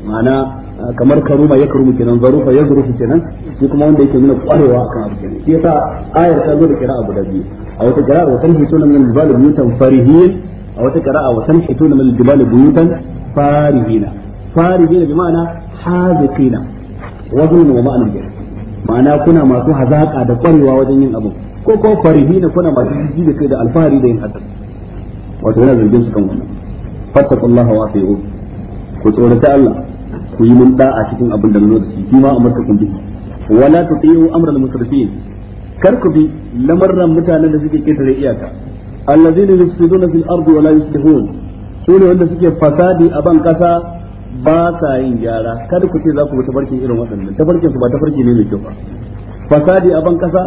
ma'ana kamar karuma ya karumu kenan zarufa ya zurufu kenan shi kuma wanda yake nuna kwarewa kan abu kenan shi yasa ayar ta zo da kira'a guda biyu a wata kira'a wa tanhituna min al-jibali buyutan farihin a wata kira'a wa tanhituna min al-jibali buyutan farihina farihina bi ma'ana haziqina wazn wa ma'ana bi ma'ana kuna masu hazaka da kwarewa wajen yin abu ko ko farihina kuna masu jiji da kai da alfahari da yin hasan wato yana zargin su kan wannan Fattakullaha wa atiyu ku tsorata Allah ku yi mun da'a cikin abin da nuna da shi shi ma marka kun bi wala tuti'u amra al-musrifin kar ku bi lamarran mutanen da suke ketare iyaka allazina yufsiduna fil ardi wala la yuslihun su ne wanda suke fasadi a ban kasa ba sa yin gyara kada ku ce za ku bi tafarkin irin waɗannan tafarkin su ba tafarki ne mai kyau ba fasadi a ban kasa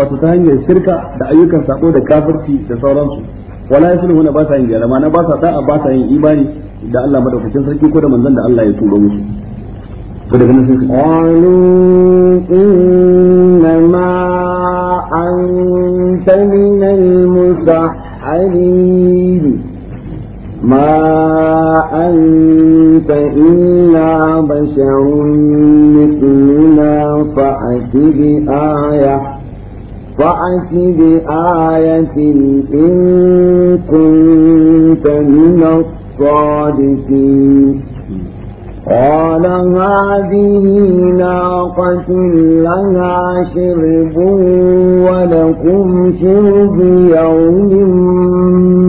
wato ta hanyar shirka da ayyukan sako da kafirci da sauransu wala yasuluna ba sa yin gyara na ba sa da'a ba sa yin imani da Allah madaukakin sarki ko da manzon da Allah ya turo musu ko daga nan sai qalu inna ma anta min al-musahharin ma anta illa basharun mithluna fa'ati bi ayah فأتي بآية إن كنت من الصادقين قال هذه ناقة لها شرب ولكم شرب يوم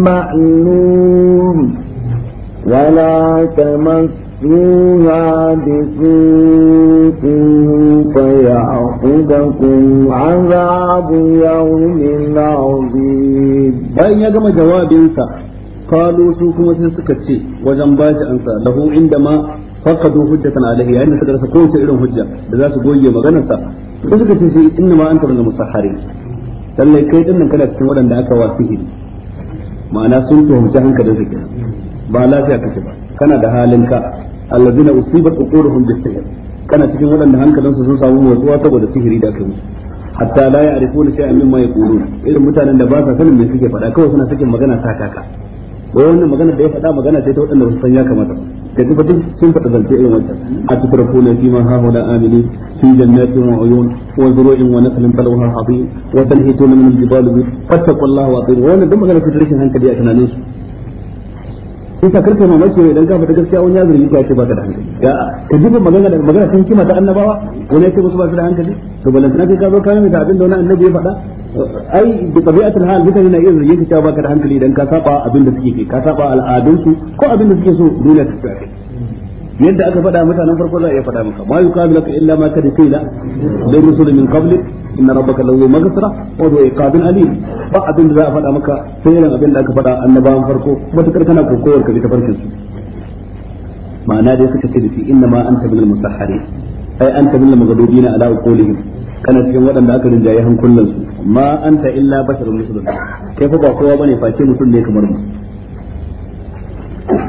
معلوم ولا تمس فيها بسوء فيأخذكم عذاب يوم عظيم bayan ya gama jawabinsa Falo su kuma sai suka ce wajen bashi ansa da hu inda ma faqadu hujjatan alaihi yayin da suka rasa kowace irin hujja da za su goyi maganar sa sai suka ce shi inna ma anta min musahhari lalle kai din nan kana cikin wadanda aka wasihi ma'ana sun tuhumci hanka da zakiya ba lafiya kake ba kana da halin ka usibat uquruhum bisihr kana cikin hankalin su sun samu motsuwa saboda sihiri da kai hatta la ya'rifuna shay'an mimma yaqulun irin mutanen da ba sa sanin me suke faɗa kawai suna sakin magana ta kaka wai wannan magana da ya faɗa magana ta san ya kamata ka ji fatin sun faɗa zance irin a tukrafuna fi ma amini fi jannatin wa uyun wa zuru'in wa naslin talwaha hadid wa tanhituna min al-jibali fattaqullaha wa wannan duk magana ta rashin hankali a tunanin su sai ka mace mai dan ka da gaskiya wani ya zargi ka ce baka da hankali ga ka jiba magana da magana sun kima ta annabawa wani ya ce musu ba su da hankali to balan kai ka zo ka nemi abin da wani annabi ya faɗa ai bi tabi'atul hal mutane na iya zargin ka cewa baka da hankali dan ka saba abin da suke ka saba al'adunsu ko abin da suke so dole ka tsaya yadda aka faɗa mutanen farko za a iya faɗa maka ma yuqalu laka illa ma kad qila lir rusul min qablik inna rabbaka lazu maghfira wa huwa iqabun alim ba abin da za a faɗa maka sai irin abin da aka faɗa annabawan farko matakar kana kokowar ka bi tafarkin su ma'ana dai suka ce da shi inna ma anta minal musahhari ai anta minal maghdubina ala qawlihim kana cikin waɗanda aka rinjaye hankulan su ma anta illa basharun musulun kai fa ba kowa bane face mutum ne kamar mu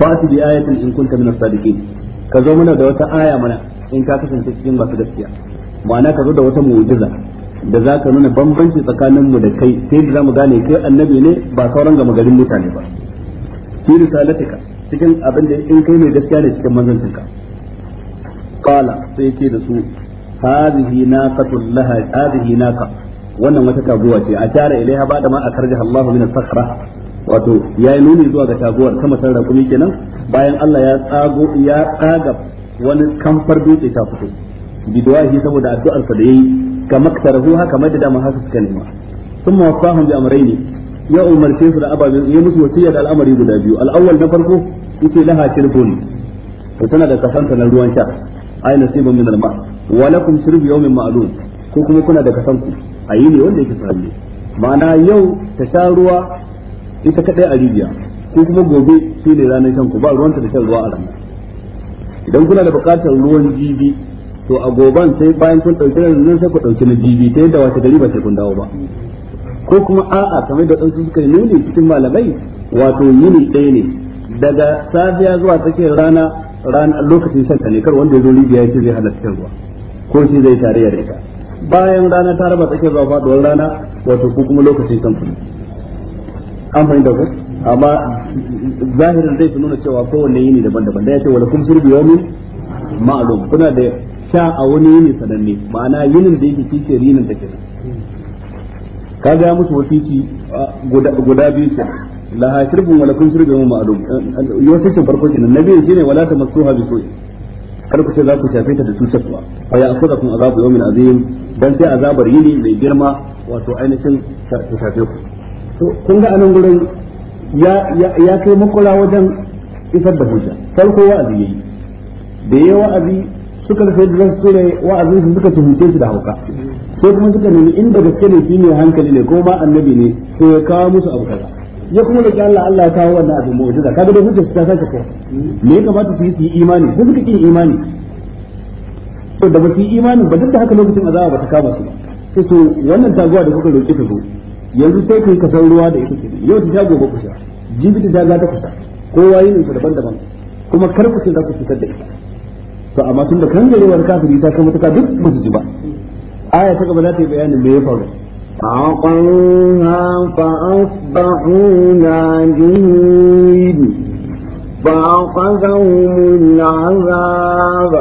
fa'ati bi ayatin in kunta minas sadiqin ka zo mana da wata aya mana in ka kasance cikin masu gaskiya ma'ana ka zo da wata mu'jiza da za ka nuna bambanci tsakanin mu da kai sai da zamu gane kai annabi ne ba sauran gama garin mutane ba fi risalatika cikin abin da in kai mai gaskiya ne cikin manzancinka qala sai yake da su hadhihi naqatul laha hadhihi wannan wata taguwa ce a tara ilaiha ba da ma akarjaha Allahu min as-sakhra wato ya yi nuni zuwa ga taguwar kama sarara kuma kenan bayan Allah ya tsago ya tsaga wani kamfar dutse ta fito bidwahi saboda addu'ar sa da yayi kama maktarahu haka mai da dama haka suka nema sun mawafahun bi ne ya umarce su da ababen ya musu wasiya da al'amari guda biyu al'awwal na farko yace laha shirbun to tana da kasanta na ruwan sha ai nasibun min al-ma wa lakum shirbu yawmin ma'lum ko kuma kuna da kasanku ayi ne wanda yake sananne ma'ana yau ta sha ruwa ita kadai a rijiya ko kuma gobe sai ne ranar shan ku ba ruwanta da shan ruwa a ranar idan kuna da buƙatar ruwan jibi to a goban sai bayan kun dauki ɗauki nan sai ku dauki na jibi ta yadda wata gari ba sai kun dawo ba ko kuma a'a kamar da ɗansu suka nuni cikin malamai wato yini ɗaya ne daga safiya zuwa tsakiyar rana rana lokacin shan ne kar wanda ya zo rijiya ya ce zai halatta ruwa ko shi zai tarayya da ita bayan rana ta raba tsakiyar zuwa faɗuwar rana wato ko kuma lokacin shan ne an fahimta ku amma zahirin zai fi nuna cewa kowanne yini daban-daban da ya ce wani kum sirbi wani ma'alum kuna da sha a wani yini sananne ma'ana yinin da yake kike yinin da kenan ga ya musu wasiki guda biyu ce laha shirbun wala kun shirbe mu ma'lum yawasikin farko na biyu shine wala ta masu bi soyi kar ku ce za ku shafe ta da cutarwa a ya akuda kun azabu min azim dan sai azabar yini mai girma wato ainihin ta shafe ku to kun ga anan gurin ya ya kai makura wajen isar da hujja farko wa'azi yayi da yayi wa'azi suka rufe da su ne wa'azin sun suka tuhute shi da hauka sai kuma suka nemi inda gaske ne shine hankali ne ko ma annabi ne sai ya kawo musu abu kaza ya kuma roki Allah Allah ya kawo wannan abin mu'jiza kaga da hujja su ta sake ko me ya kamata su yi su yi imani ko suka kin imani to da ba su yi imani ba duk da haka lokacin azaba ba ta kama su sai to wannan taguwa da kuka roki ta zo yanzu sai kai ka san ruwa da ita kenan yau ta gobe ku sha jibi ta za ta kusa kowa yin su daban-daban kuma kar ku za ku fitar da ita to amma tun da kan garewar kafiri ta kai matuka duk ba su ji ba aya ta gaba za ta yi bayanin me ya faru فعقروها فأصبحوا نادمين فأخذهم العذاب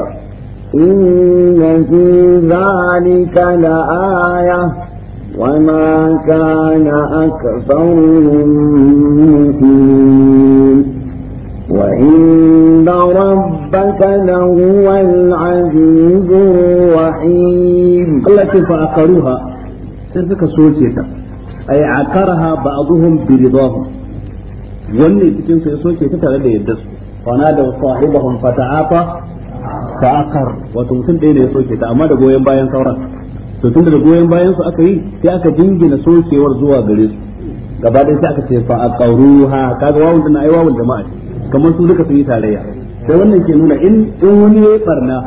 إن في la aya. وما كان أكثرهم مؤمنين وإن ربك لهو العزيز الرحيم التي فأقروها سيرتك سوتيك أي عكرها بعضهم برضاهم wanne cikin sai soke ta tare da yadda su wana da sahibahum fata'afa fa'aqar wato mutum ɗaya ne ya soke ta amma da goyon bayan sauran to tun daga goyon bayan su aka yi sai aka jingina sokewar zuwa gare su gaba ɗaya sai aka ce fa aqruha kaga wawun tana ai wawun jama'a kamar su duka sun yi tarayya sai wannan ke nuna in in wani yayi barna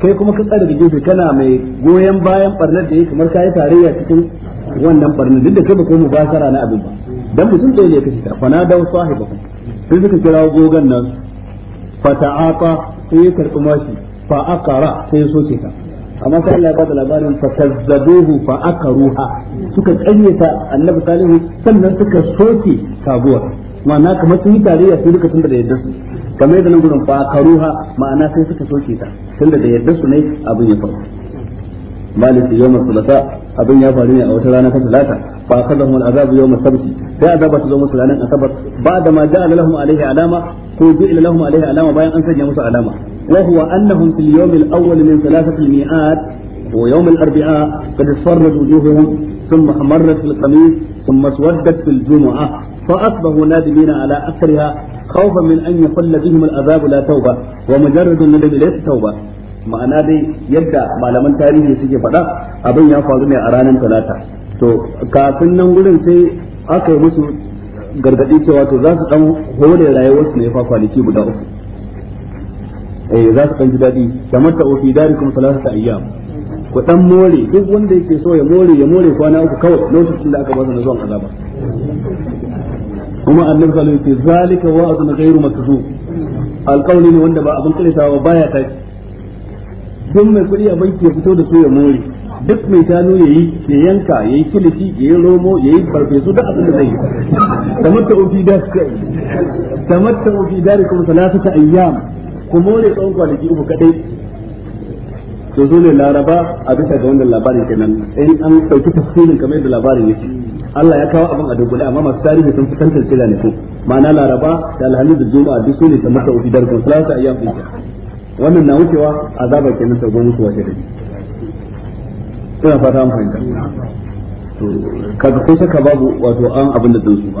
kai kuma ka tsare da gefe kana mai goyon bayan barnar da yake kamar kai tarayya cikin wannan barnar duk da kai ba ko basara na abin ba dan mutum ɗaya ne kace ta fa na daw sahibakum sai suka kira gogon nan fa ta'ata sai ya karɓi mashi fa aqara sai ya soke ka amma sai Allah ya bada labarin fa kazzabuhu fa akaruha suka kanyata annabi salihu sannan suka soke kaguwa ma'ana kamar sun yi tarayya sun duka tunda da yadda su kamar yadda nan gurin fa akaruha ma'ana sai suka soke ta tunda da yadda su ne abin ya faru malik yawm salata abin ya faru ne a wata rana ta talata fa kazahu al-azab yawm sabti sai azaba ta zo musu ranar asabar ba da ma ja'a lahum alaihi alama ko ju'ila lahum alaihi alama bayan an sanya musu alama wa huwa annahum fil yawm al awwal min thalathati mi'at wa yawm al arba'a qad isfarrat wujuhuhum thumma hamarrat fil qamis thumma swaddat fil jumu'ah فأصبحوا نادمين على أثرها خوفا من أن يحل بهم العذاب لا توبة ومجرد الندم ليس توبة ma'ana dai yadda malaman tarihi suke faɗa abin ya faru ne a ranar talata to kafin nan gurin sai aka yi musu gargaɗi cewa to za su ɗan hore rayuwarsu ne fa kwanaki guda uku eh za su ɗan ji daɗi kamar ta ofi dari kuma salasa ayyam ku ɗan more duk wanda yake so ya more ya more kwana uku kawai lokacin da aka ba su na zuwan azaba kuma annabi sallallahu alaihi wasallam zalika wa'azun ghairu makzub alqawli ne wanda ba abin ba baya tashi duk mai kuɗi a banki ya fito da su ya more duk mai tano yi ya yanka kilifi ya yi romo ya barfe farfesu da abin da zai yi ta ofi da tamatta ofi da kuma ta ayyam kuma wani tsawon kwanaki uku kadai to zo ne laraba a bisa ga wannan labarin kenan in an dauki tafsirin kamar yadda labarin yake Allah ya kawo abin a dogole amma masu tarihi sun fi tantar kira ne ko ma'ana laraba da alhamis da juma'a duk su ne mata ofi da kuma ta ayyam wannan na wucewa azaba kenan ta gwamnati wace da ina fata an fahimta to kaga ko saka babu wato an abin da dinsu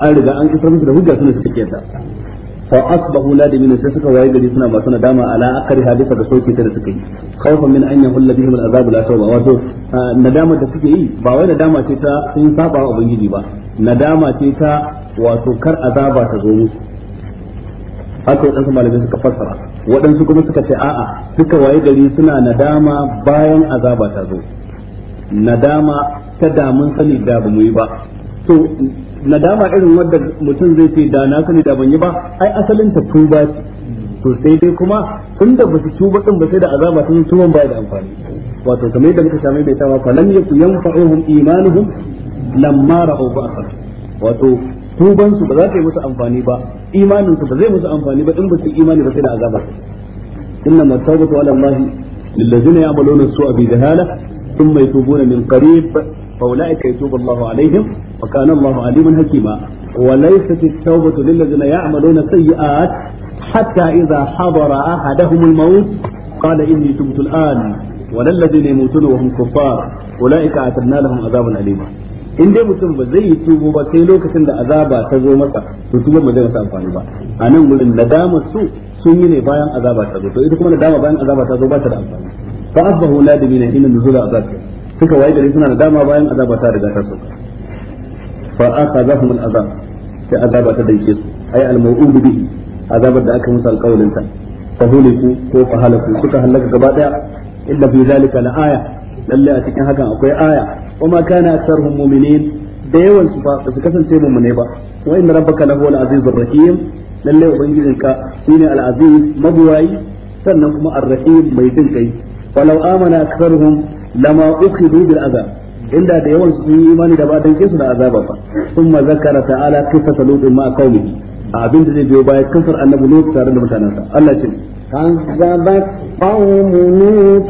an riga an kisar musu da hujja suna su take ta fa asbahu nadimin sai suka waye gari suna ba masu dama ala akari hadisa da sauki ta da suka yi khawfan min an yahulla bihim al'azab la tawba wato nadama da suke yi ba wai nadama ce ta sun saba wa ubangiji ba nadama ce ta wato kar azaba ta zo musu haka waɗansu malamai suka fassara waɗansu kuma suka ce a'a suka waye gari suna nadama bayan azaba ta zo nadama ta damun sani da ba mu yi ba to nadama irin wadda mutum zai ce da na sani da ban yi ba ai asalin ta tuba ce to sai dai kuma tun da ba su tuba din ba sai da azaba sun tuba ba da amfani wato kamar yadda muka same bai tawa fa lam yakun yanfa'uhum imanuhum lamma ra'u ba'sa wato tubansu ba za ta yi musu amfani ba imaninsu ba zai musu amfani ba in ba su imani ba sai da azaba inna matawbatu ala allahi lillazina ya'maluna su'a bi jahala thumma yatubuna min qarib fa ulaika yatubu allahu alaihim wa kana allahu aliman hakima wa laysat at-tawbatu ya'maluna sayyi'at hatta idha hadara al-maut qala inni tubtu al-an in dai mutum ba zai yi tubo ba sai lokacin da azaba ta zo masa to tubo ba zai masa amfani ba a nan gurin nadama su sun yi ne bayan azaba ta zo to ita kuma nadama bayan azaba ta zo ba ta da amfani fa asbahu ladimina inna nuzula azab suka waye gari suna nadama bayan azaba ta riga ta sauka fa akhadhahum al-azab sai azaba ta dace su ay al-maw'ud bihi azabar da aka musu alƙawarin ta fa huliku ko fa halaku suka halaka gaba daya illa fi zalika la aya Lallai a cikin hakan akwai aya kuma kana aktsaruhum mu'minin da yawan su ba su kasance mu'mine ba wa inna rabbaka lahu al-azizur rahim lalle ubangijinka shine al-aziz mabuwayi sannan kuma ar-rahim mai jin kai walau amana aktsaruhum lama ukhidu bil azab inda da yawan su yi imani da ba dan kinsu da azaba ba thumma zakara ta'ala qissata lutin ma qaumihi abin da zai biyo baya kasar annabi lut tare da mutanansa Allah ya ce كذبت قوم نوح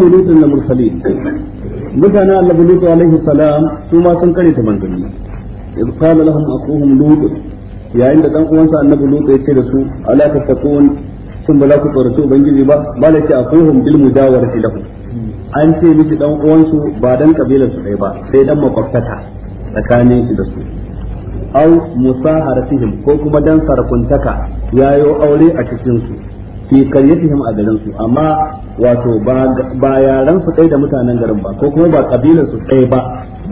قوم لوط لمرسلين متانا الله لوط عليه السلام ثم سن كريت من دنيا إذ قال لهم أخوهم لوط يا عند دان قوانسا النبي لوط يتدسو ألا تتقون ثم لا تقرسوا بنجي با بالك أخوهم بالمجاورة لهم an ce miki dan uwansu ba dan kabilar su ɗaya ba sai dan makwabtaka tsakanin su da su au musaharatihim ko kuma dan sarkuntaka yayo aure a cikin su fi karyatihim a garin su amma wato ba yaren su ɗaya da mutanen garin ba ko kuma ba ƙabilar su ɗaya ba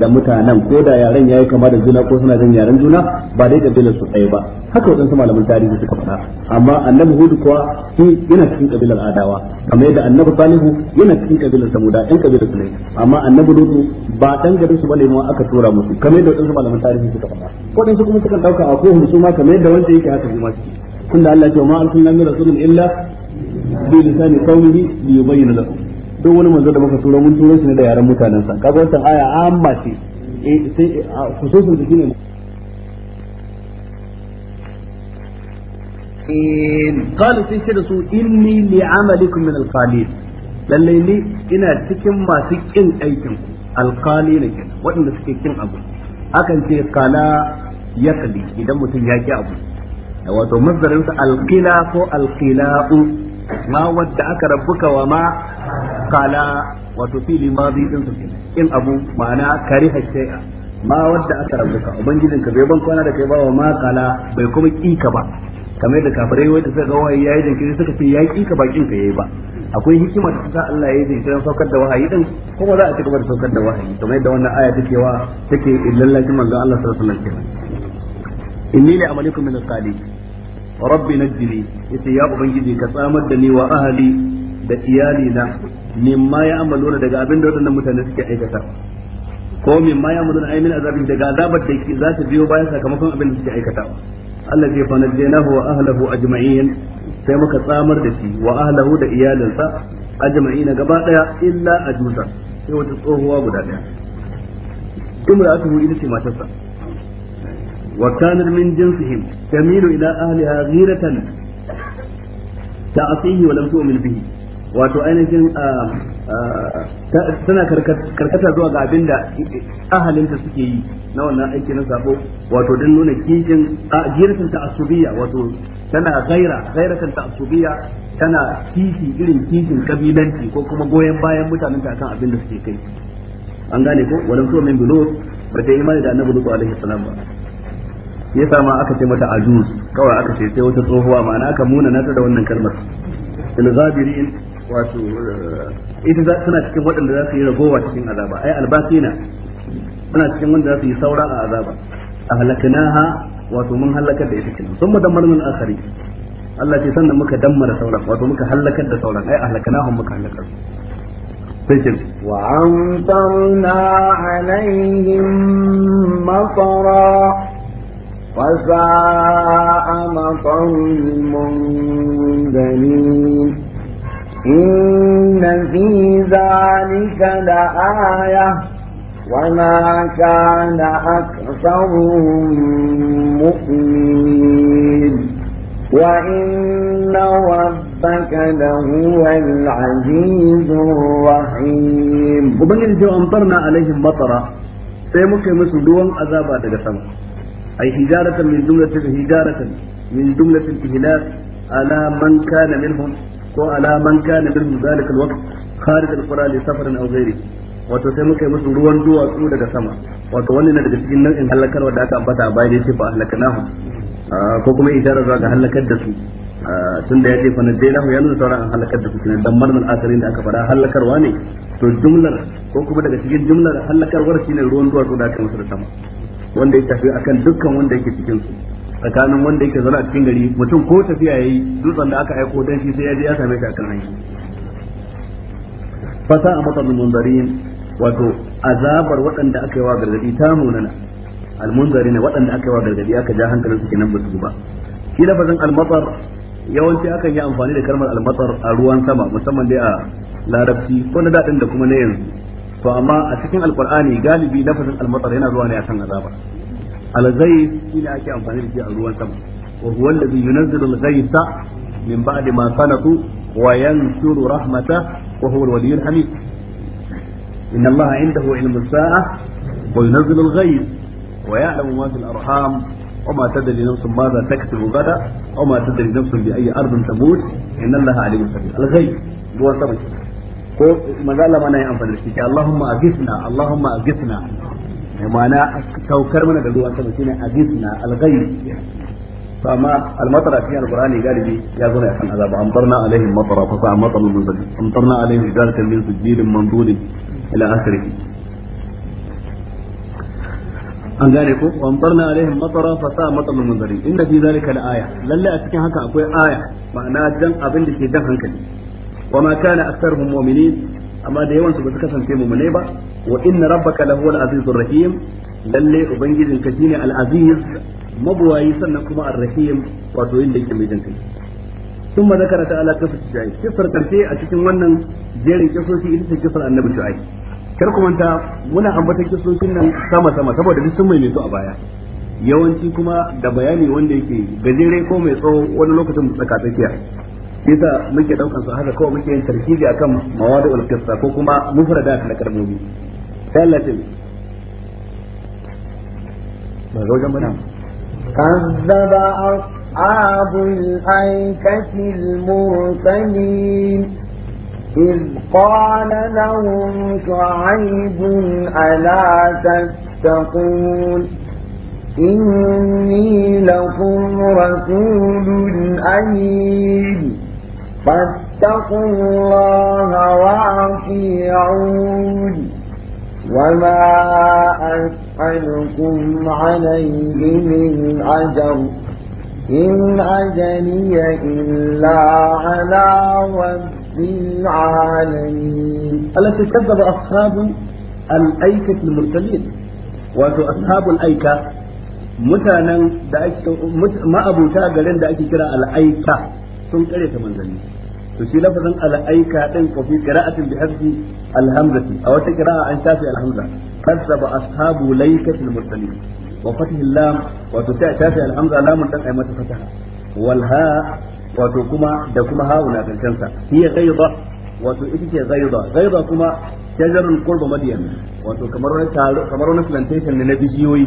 da mutanen ko da ya yayi kama da juna ko suna jin yaren juna ba dai ƙabilar su ɗaya ba haka su malaman tarihi suka faɗa amma annabi hudu kuwa shi yana cikin ƙabilar adawa kamar yadda annabi salihu yana cikin ƙabilar samuda ɗan kabilar su ne amma annabi lutu ba ɗan garin su bane ma aka tura musu kamar yadda su malaman tarihi suka faɗa Ko wadansu kuma sukan ɗauka a kohun su ma kamar yadda wanda yake haka su ma tunda Allah ya ce ma arsalna min rasulin illa bi lisani qawlihi li yubayyana lahum duk wani manzo da muka tura mun tura shi ne da yaran mutanen sa kaga wannan aya amma ce eh, sai khususun da shine قالوا في سيدة إني لعملكم من القليل lallai ni ina cikin masu kin aikin alkali ne wanda waɗanda suke kin abu akan ce kana yakli idan mutum ya ki abu wato masdarinsa alqila ko alqila'u ma wadda aka rabbuka wa ma kala wato fili bi din su in abu ma'ana kariha shay'a ma wadda aka rabbuka ubangijin ka bai ban kwana da kai ba wa ma kala bai kuma kika ba kamar da kafirai wai da suka ga wahayi yayi jinkiri suka ce yayi kika bakin ka yayi ba akwai hikima da ta Allah ya yi don saukar da wahayi din kuma za a ci gaba da saukar da wahayi kamar da wannan aya take wa take illallahi manzo Allah sallallahu alaihi wasallam inni la amalikum min as-salihin rabbi najjini yace ya ubangiji ka tsamar da ni wa ahali da iyali na mimma ya amaluna daga abin da waɗannan mutane suke aikata ko mimma ya amaluna ay min azabin daga azabar da za ta biyo bayan sakamakon abin da suke aikata Allah zai fa najjinahu wa ahlihi ajma'in sai muka tsamar da shi wa ahlihi da iyalinsa ajma'in gaba daya illa ajusa sai wata tsohuwa guda daya imra'atuhu ita ce matarsa وكانت من جنسهم تميل الى أهلها غيره تعصيه ولم تؤمن به wato ainihin tana karkata zuwa ga abin da ahalinta suke yi na wannan aiki na sabo wato don nuna kishin a girkin asubiya, wato tana gaira gairakan asubiya tana kishi irin kishin kabilanci ko kuma goyon bayan mutanen ta kan abin da suke kai an gane ko walam so min bulur ba ta imani da annabi sallallahu alaihi wasallam ba ya ma aka ce mata ajuz kawai aka ce sai wata tsohuwa ma'ana aka muna nata da wannan kalmar ilzabirin wato eh, ita za tana cikin waɗanda za su yi ragowa cikin azaba ai albasina suna cikin wanda za su yi saura a azaba a halakanaha wato mun halakar da ita kenan sun madammar min akhari Allah ce sannan muka dammara sauran wato muka halakar da sauran ai ahlakanahum muka halakar وأمطرنا عليهم مطرا وساء مطر المنذرين إن في ذلك لآية وما كان أكثرهم مؤمنين وإن ربك لهو العزيز الرحيم وبين أمطرنا عليهم مطرا سيمكن مسلوهم yi musu أي هجارة من جملة حجارة من جملة الإهلاك على من كان منهم وعلى من كان منهم ذلك الوقت خارج القرى لسفر أو غيره wato sai muka yi musu ruwan duwatsu daga sama wato wannan daga cikin nau'in halakar da aka ambata a bayan yace ba halakanahu ko kuma isharar zuwa ga halakar da su tun da ya ce fa nadainahu ya nuna sauran halakar da su kenan dan marmar asalin da aka fara halakarwa ne to jumlar ko kuma daga cikin jumlar halakarwar shine ruwan duwatsu da aka musu da sama wanda ya tafi akan dukkan wanda yake cikin su tsakanin wanda yake zaune a cikin gari mutum ko tafiya yayi dutsen da aka aiko dan shi sai ya je ya same shi akan hanya fasa a matsar munzarin wato azabar waɗanda aka yi wa gargadi ta munana almunzari ne waɗanda aka yi wa gargadi aka ja hankalin su kenan ba su ba shi lafazin almatsar yawanci akan yi amfani da kalmar almatsar a ruwan sama musamman dai a larabci ko na daɗin da kuma na yanzu to amma a cikin alkur'ani galibi lafazin almatar yana zuwa ne akan azaba alghayth shine ake amfani da shi a ruwan sama wa huwa alladhi yunazzilu alghaytha min ba'di ma qanatu wa yansuru rahmatahu wa huwa alwaliyyul hamid inna allaha indahu ilmu as-sa'ah wa yunazzilu alghayth wa ya'lamu ma fil arham وما تدري نفس ماذا تكسب غدا وما تدري نفس بأي أرض تموت إن الله عليم خبير الغيب هو سبب ko manzo Allah mana yi amfani da shi Allahumma aghithna Allahumma aghithna ma'ana saukar mana da ruwa sama to amma galibi ya zo ne akan azaba amtarna alaihim matara fa sa'a amtarna alaihim min ila akhirih an gane ko amtarna alaihim matara fa sa'a inda fi zalika la aya lalle a cikin haka akwai aya ma'ana dan abin da ke dan hankali وما كان أكثرهم مؤمنين أما ديوان سبتكسن في مؤمنين وإن ربك لهو العزيز الرحيم للي أبنجد الكثير العزيز مبوعي سنكما الرحيم وتوين لك ميدنك ثم ذكر تعالى قصة شعيب قصة تركي أشكي ونن جيري قصة إذا قصة النبي شعيب kar ku manta muna ambata kisoshin nan sama sama saboda duk sun maimaito a baya yawanci kuma da bayani wanda yake gajere ko mai tsawo wani lokacin tsaka tsakiya yasa muke daukan su haka kawai muke yin tarkibi akan mawadi'ul qissa ko kuma mufradat na kalmomi sai ya ba ga wajen bana kazzaba ashabul aikatil mursalin إذ قال لهم شعيب ألا تتقون إني لكم رسول أمين فاتقوا الله وأطيعون وما أسألكم عليه من أجر إن أجري إلا على رب العالمين التي كذب أصحاب الأيكة المرسلين wato ashabul aika mutanen da ake ma'abuta garin da ake kira al'aika sun kare ta manzanni to shi lafazin al'aika din ko fi qira'atin bi hadfi alhamzati aw ta qira'a an shafi alhamza kazzaba ashabu laikatil mursalin wa fathihi lam wa to ta shafi alhamza lamun dan ai mata fataha wal ha wato kuma da kuma hauna kankan sa hiya ghayda wato ita ce ghayda ghayda kuma shajarun qurba madiyan wato kamar wani kamar wani plantation ne na bishiyoyi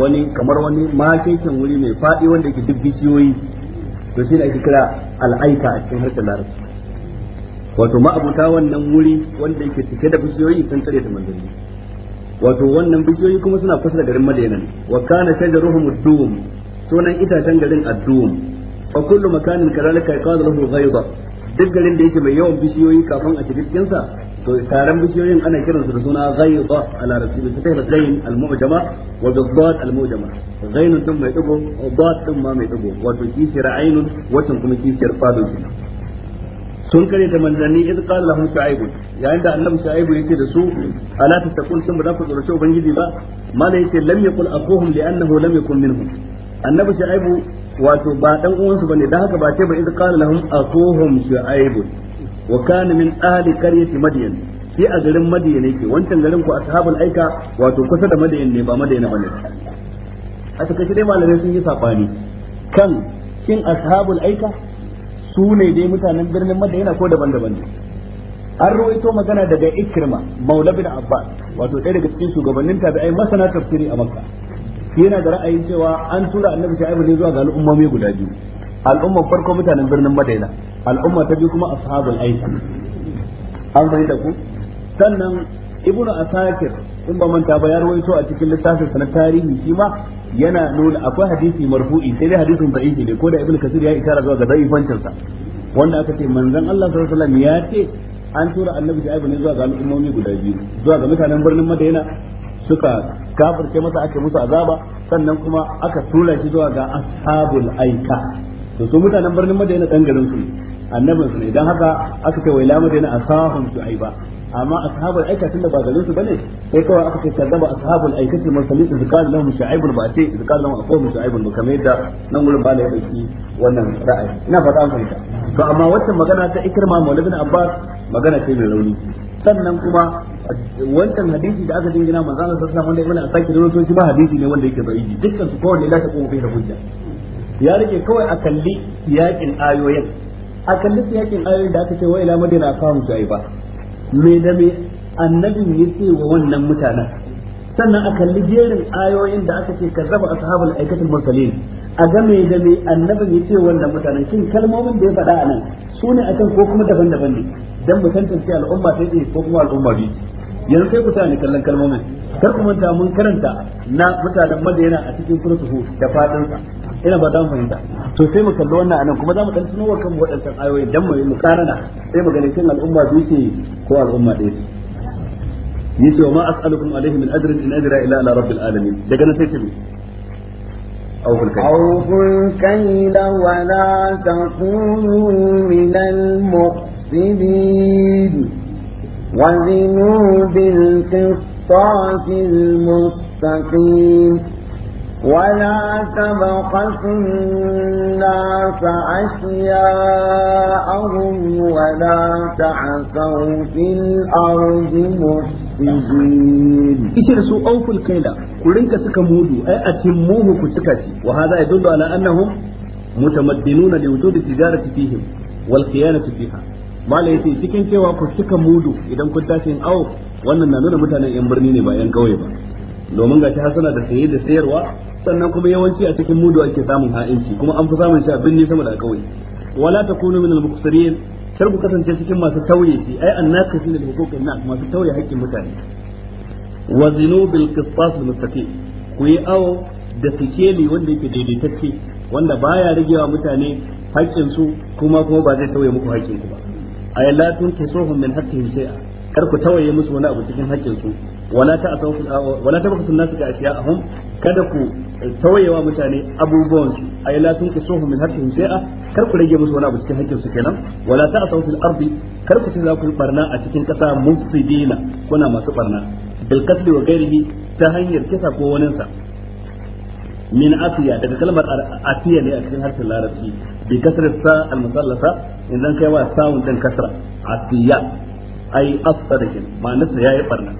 wani kamar wani makekin wuri mai fadi wanda yake duk bishiyoyi to shine ake kira al'aika a cikin harkar larabci wato ma'abuta wannan wuri wanda yake cike da bishiyoyi sun tsare da manzanni wato wannan bishiyoyi kuma suna kusa da garin madaina wa kana shajaruhum ad-dum sunan itacen garin ad-dum fa kullu makanin kadhalika yaqalu lahu ghayda duk garin da yake mai yawan bishiyoyi kafin a cikin sa to taron bishiyoyin ana su da suna ghayda a larabci da ta zain al-mu'jama wa bidat al-mu'jama zainun tun mai dugo dad tun ma mai dugo wato kishiyar ainun watan kuma kishiyar fadun kenan sun kare ta manzanni idh qala lahum shu'aib yayin da annabi shu'aib yace da su ala tattaqun sun ba ku tsorace ubangiji ba mala yace lam yaqul aquhum li'annahu lam yakun minhum annabi shu'aib wato ba dan uwansu bane dan haka ba ce ba idh qala lahum aquhum shu'aib wa kana min ahli qaryati madyan shi a garin madyan yake wancan garin ku ashabul aika wato kusa da madyan ne ba madyan bane a shi dai malamai sun yi sabani kan kin ashabul aika su ne dai mutanen birnin madyan ko daban-daban ne an ruwaito magana daga ikrima maula bin abbas wato ɗaya daga cikin shugabannin tabi'ai masana tafsiri a makka yana da ra'ayin cewa an tura annabi shaibu ne zuwa ga al'ummomi guda biyu al'umma farko mutanen birnin madaina al'umma ta biyu kuma ashabul aisha an fahimta ku sannan ibnu asakir in ba manta ba ya rawaito a cikin littafin sa na tarihi shi ma yana nuna akwai hadisi marfu'i sai dai hadisin da'ifi ne ko da ibnu kasir ya isara zuwa ga da'ifancin sa wanda aka ce manzon Allah sallallahu alaihi wasallam ya ce an tura annabi da ne zuwa ga al'ummomi guda biyu zuwa ga mutanen birnin madaina suka kafirce masa ake musu azaba sannan kuma aka tura shi zuwa ga ashabul aika to su mutanen birnin madina dan garin su annabin su ne dan haka aka kai waila madina asahum shu'aiba amma ashabul aika tunda ba garin su bane sai kawai aka ce kazzaba ashabul aika til mursalin su kana lahum shu'aibul ba sai su kana lahum aqum shu'aibul ba kamar yadda nan gurin ba ya dauki wannan ra'ayi ina fata an fahimta to amma wacce magana ta ikrama maulid abbas magana ce mai rauni sannan kuma wancan hadisi da aka dingina manzo Allah sallallahu alaihi wasallam wanda ibn Asakir rawaito shi ba hadisi ne wanda yake da'ifi dukkan su kowanne da ta kuma bai da hujja ya rike kawai a kalli yakin ayoyin a kalli yakin ayoyin da aka ce wa ila madina kawo su ba me da me annabi ya ce wa wannan mutanen sannan a kalli jerin ayoyin da aka ce kazzaba ashabul aikatul mursalin a ga me da me annabi ya ce wannan mutanen shin kalmomin da ya faɗa anan su ne akan ko kuma daban-daban ne dan mu tantance al'umma sai ce ko kuma al'umma biyu yanzu sai ku sa ni kallon kalmomin kar ku manta mun karanta na mutanen madina a cikin suratul hud da fadin ina ba dan fahimta to sai mu kalli wannan anan kuma za mu dan tunowa kan waɗancan ayoyi dan mu mu karana sai mu gani kin al'umma biyu ce ko al'umma ɗaya ce yace wa ma as'alukum alaihi min ajrin in ajra ila ala rabbil alamin daga nan sai ce أوفوا الكيل الكيل ولا تكونوا من المفسدين وزنوا بالقسطاس المستقيم ولا تبخسوا الناس أشياءهم ولا تعثوا في الأرض مفسدين إيش رسول أوفوا الكيلة كلنك سكمودوا أي أتموه كسكتي وهذا يدل على أنهم متمدنون لوجود التجارة فيهم والخيانة فيها ما ليس cikin cewa ku suka mudu idan kun tashi in awo wannan na nuna mutanen yan birni ne ba yan kauye ba domin gashi hasana da saye da sayarwa sannan kuma yawanci a cikin mudu ake samun ha'inci kuma an fi samun shi a binne sama da kawai wala takunu al muqsirin kar ku kasance cikin masu tauye shi ai annakasin da hukumar nas masu tauye haƙƙin mutane wa zinu bil qisas al ku yi awo da sikeli wanda yake daidaitacce wanda baya ragewa mutane haƙƙin su kuma kuma ba zai tauye muku haƙƙin ku ba ay la tunkisuhum min haqqihim shay'a kar ku tawaye musu wani abu cikin haƙƙin su wala ta asaw wala ta bakatu nasu ka ashiya'ahum kada ku tawayewa mutane abubuwan su ay la tunqisuhum min haqqihim shay'a kar ku rage musu wani abu cikin haƙƙin su kenan wala ta asaw fil ardi kar ku za ku barna a cikin ƙasa mufsidina kuna masu barna bil qatl ta hanyar kisa ko waninsa min asiya daga kalmar asiya ne a cikin harshen larabci bi kasrar sa al kai wa sawun din kasra asiya ai asfadakin yayi barna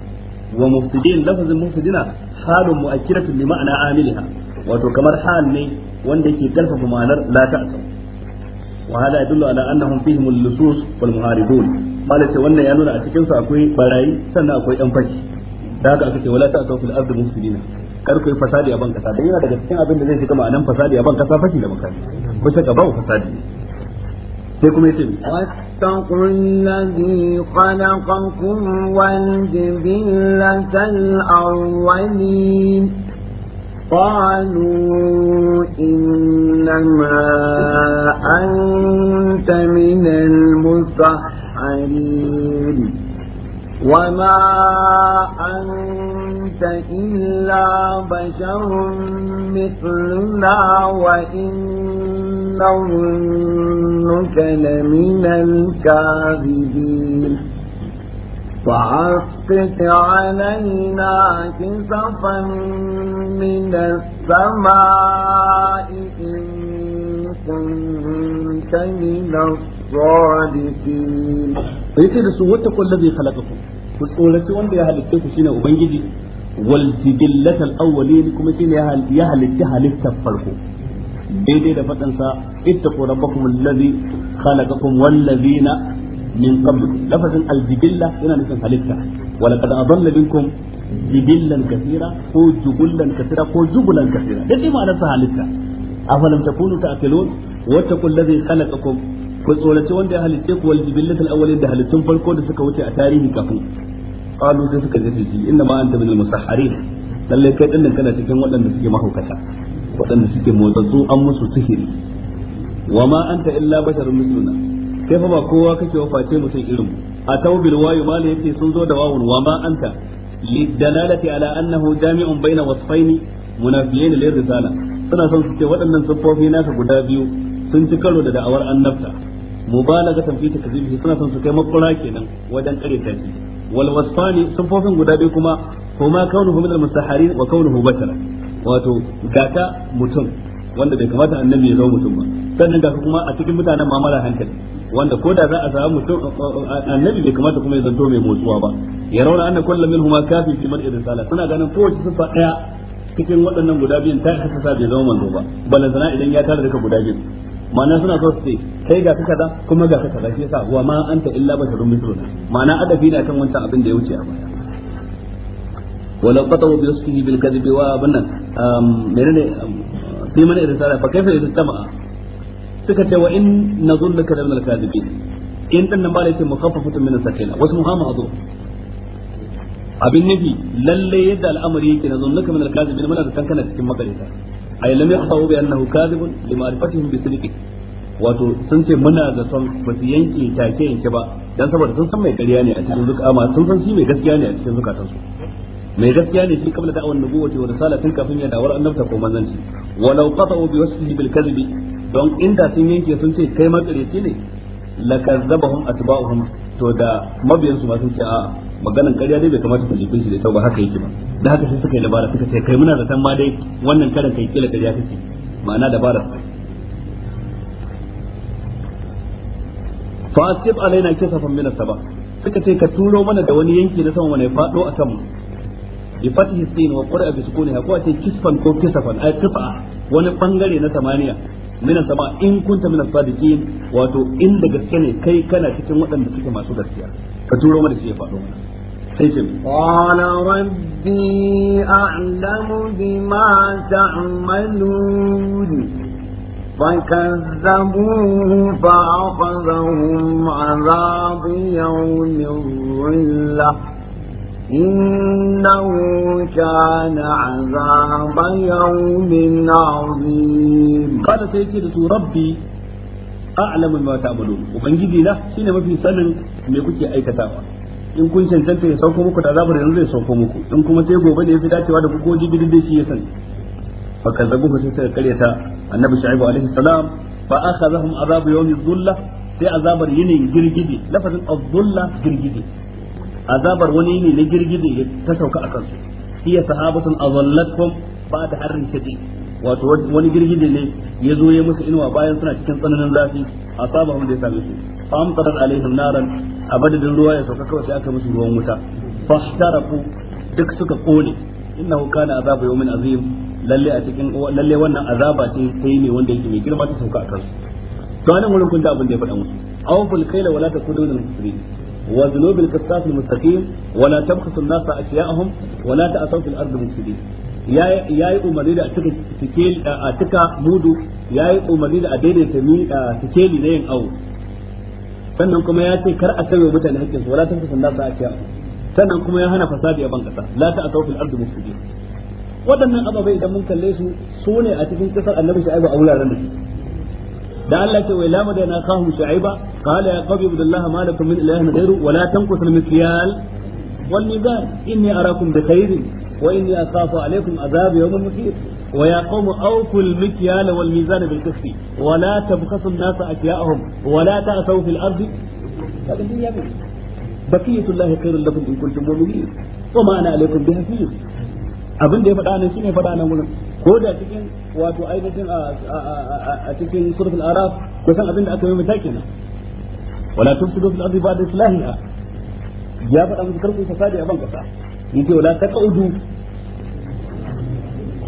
wa mufsidin lafazin mufsidina halun mu'akkiratun li ma'ana amiliha wato kamar hal ne wanda yake karfafa ma'anar la ta'sau wa hada yadullu ala annahum fihim al-lusus wal muharibun malai ce wannan ya nuna a cikin akwai barayi sannan akwai fashi da wala fasadi a ban kasa dan yana daga cikin abin da zai shiga ma'anan fasadi a ban kasa fashi da makami ko shaka babu fasadi sai kuma yace wattaqul ladhi khalaqakum wal jibillatal قالوا إنما أنت من المسحرين وما أنت أنت إلا بشر مثلنا وإن نظنك لمن الكاذبين فأسقط علينا كسفا من السماء إن كنت من الصادقين. فيتي رسول واتقوا الذي خلقكم ku tsoraci wanda ya halitta ku shine ubangiji wal jibillata al-awwalin kuma shine ya halitta halitta farko daidai da fadan sa ittaqu rabbakum alladhi khalaqakum wal ladina min qabl lafazin al-jibilla yana nufin halitta wa laqad adalla minkum jibillan kathira ko jubullan kathira ko jubulan kathira dai ma'anar sa halitta afalam takunu ta'qilun wattaqul ladhi khalaqakum ku tsorace wanda ya halitte ku wal da halittun farko da suka wuce a tarihi kafin qalu sai suka ji shi inna ma anta minal musahharin lalle kai din kana cikin waɗanda suke mahaukata waɗanda suke motsatsu an musu sihiri wa ma anta illa basharun misluna kai fa ba kowa kake waface mutum irin a tawbil wayu ma sun zo da wawun wa ma anta lidalalati ala annahu jami'un baina wasfaini munafiyin lil risala suna son su ce waɗannan siffofi nasa guda biyu sun ci karo da da'awar annabta mubalaga tan fi takzibi suna son su kai makura kenan wajen kare tafi wal wasfani sufofin guda biyu kuma kuma kaunuhu min al musaharin wa kaunuhu bashara wato gaka mutum wanda bai kamata annabi ya zama mutum ba sannan kuma a cikin mutanen mamara hankali wanda ko da a samu mutum annabi bai kuma ya zanto motsuwa ba ya rauna anna kullu minhum kafin fi irin irsala suna ganin kowace sifa daya cikin waɗannan guda biyun ta isa sa zama manzo ba idan ya tare duka guda biyun ma'ana suna so su ce kai ga ka kaza kuma ga ka kaza shi yasa wa ma anta illa basharun misluna ma'ana adabi na kan wancan abin da ya wuce a baya ولو قطعوا بوصفه بالكذب وبنن menene fi mana irtara fa kaifa yastama suka ce wa in nadhunnuka lamin al-kadhibin in dan nan bare ce mukaffafatun min sakila wasu muhamma azu abin nufi lalle yadda al'amari yake nadhunnuka min al-kadhibin muna da kankana cikin makarita ay lam yaqta'u bi annahu kadhibun li ma'rifatihim bi sidqi wato sun ce muna da son ba su yanke take yanke ba dan saboda sun san mai ƙarya ne a cikin zuƙa ma sun san shi mai gaskiya ne a cikin su. mai gaskiya ne shi kamar da'awar ce wa risala tun kafin ya dawar annabta ko manzanci walau qata'u bi wasfihi bil kadhibi don inda sun yanke sun ce kai makareci ne lakazzabahum atba'uhum to da mabiyansu ma sun ce a'a maganan ƙarya dai bai kamata ta jibin shi da ita ba haka yake ba da haka sai suka yi dabara suka ce kai muna da san ma dai wannan karin kai kila ƙarya kake ma'ana dabara sai fa asib alaina kisafan min as-saba suka ce ka turo mana da wani yanki na sama mana ya fado a kanmu bi fatihi sin wa qura bi ha ko a ce kisfan ko kisafan ay qit'a wani bangare na samaniya mina sama in kunta min as-sadiqin wato in da gaske ne kai kana cikin waɗanda suke masu gaskiya ka turo mata shi ya faɗo mana sai ce qala rabbi a'lamu bima ta'malun فكذبوه فأخذهم عذاب يوم الظلة إنه كان عذاب يوم عظيم قال سيدي ربي a'lamu bima ta'malun ubangiji na shine mafi sanin me kuke aikatawa in kun cancanta ya sauko muku ta azabar yanzu zai sauko muku in kuma sai gobe ne yafi dacewa da ku ko jibi dai shi ya sani fa kazzabu sai ta karyata annabi shu'aib alaihi salam fa akhadhahum azabu yawmi dhulla sai azabar yini girgije lafazin adh-dhulla girgije azabar wani ne na girgije ta sauka akan su hiya sahabatun adhallatkum ba da harin shadid wato wani girgije ne ya zo ya musu inuwa bayan suna cikin tsananin zafi saba da ya same su amtarat alaihim naran abadadin ruwa ya sauka kawai sai aka musu ruwan wuta fahtaraku duk suka kone innahu kana azabu yawmin azim lalle a cikin lalle wannan azaba ce sai ne wanda yake mai girma ta sauka a kansu to anan wurin kun da abin da ya faɗa musu awful kayla wala takunu lil musrimin wa dhunubil qisas al mustaqim wala tabkhasu an-nasa asya'ahum wala ta'asaw fil ardi mufsidin ya yi umarni da a cika mudu ya yi umarni da a daidaita mi a sikeli na yin awo sannan kuma ya ce kar a sauya mutane hakkin su wala ta fi sanda a kiyaye sannan kuma ya hana fasadi a bankasa la ta asawfil ardu mufsidin waɗannan ababai idan mun kalle su su ne a cikin kisar annabi shu'aibu a wuraren da su da Allah ce wai lamu da na kahu shu'aiba qala ya qabi abdullah ma lakum min ilahin ghayru wa la tanqusul mikyal wal mizan inni arakum bi khairin وإني أخاف عليكم عذاب يوم محيط ويا قوم أوفوا المكيال والميزان بالقسط ولا تبخسوا الناس أشياءهم ولا تأسوا في الأرض بقية الله خير لكم إن كنتم مؤمنين وما أنا عليكم بحفيظ abin da ya faɗa nan shine faɗa nan wurin ko da cikin wato ainihin a cikin suratul araf ko san abin da aka yi mata nan. wala tufsidu fil ba da islahiha ya faɗa musu karku fasadi a ban kasa yake wala taqaudu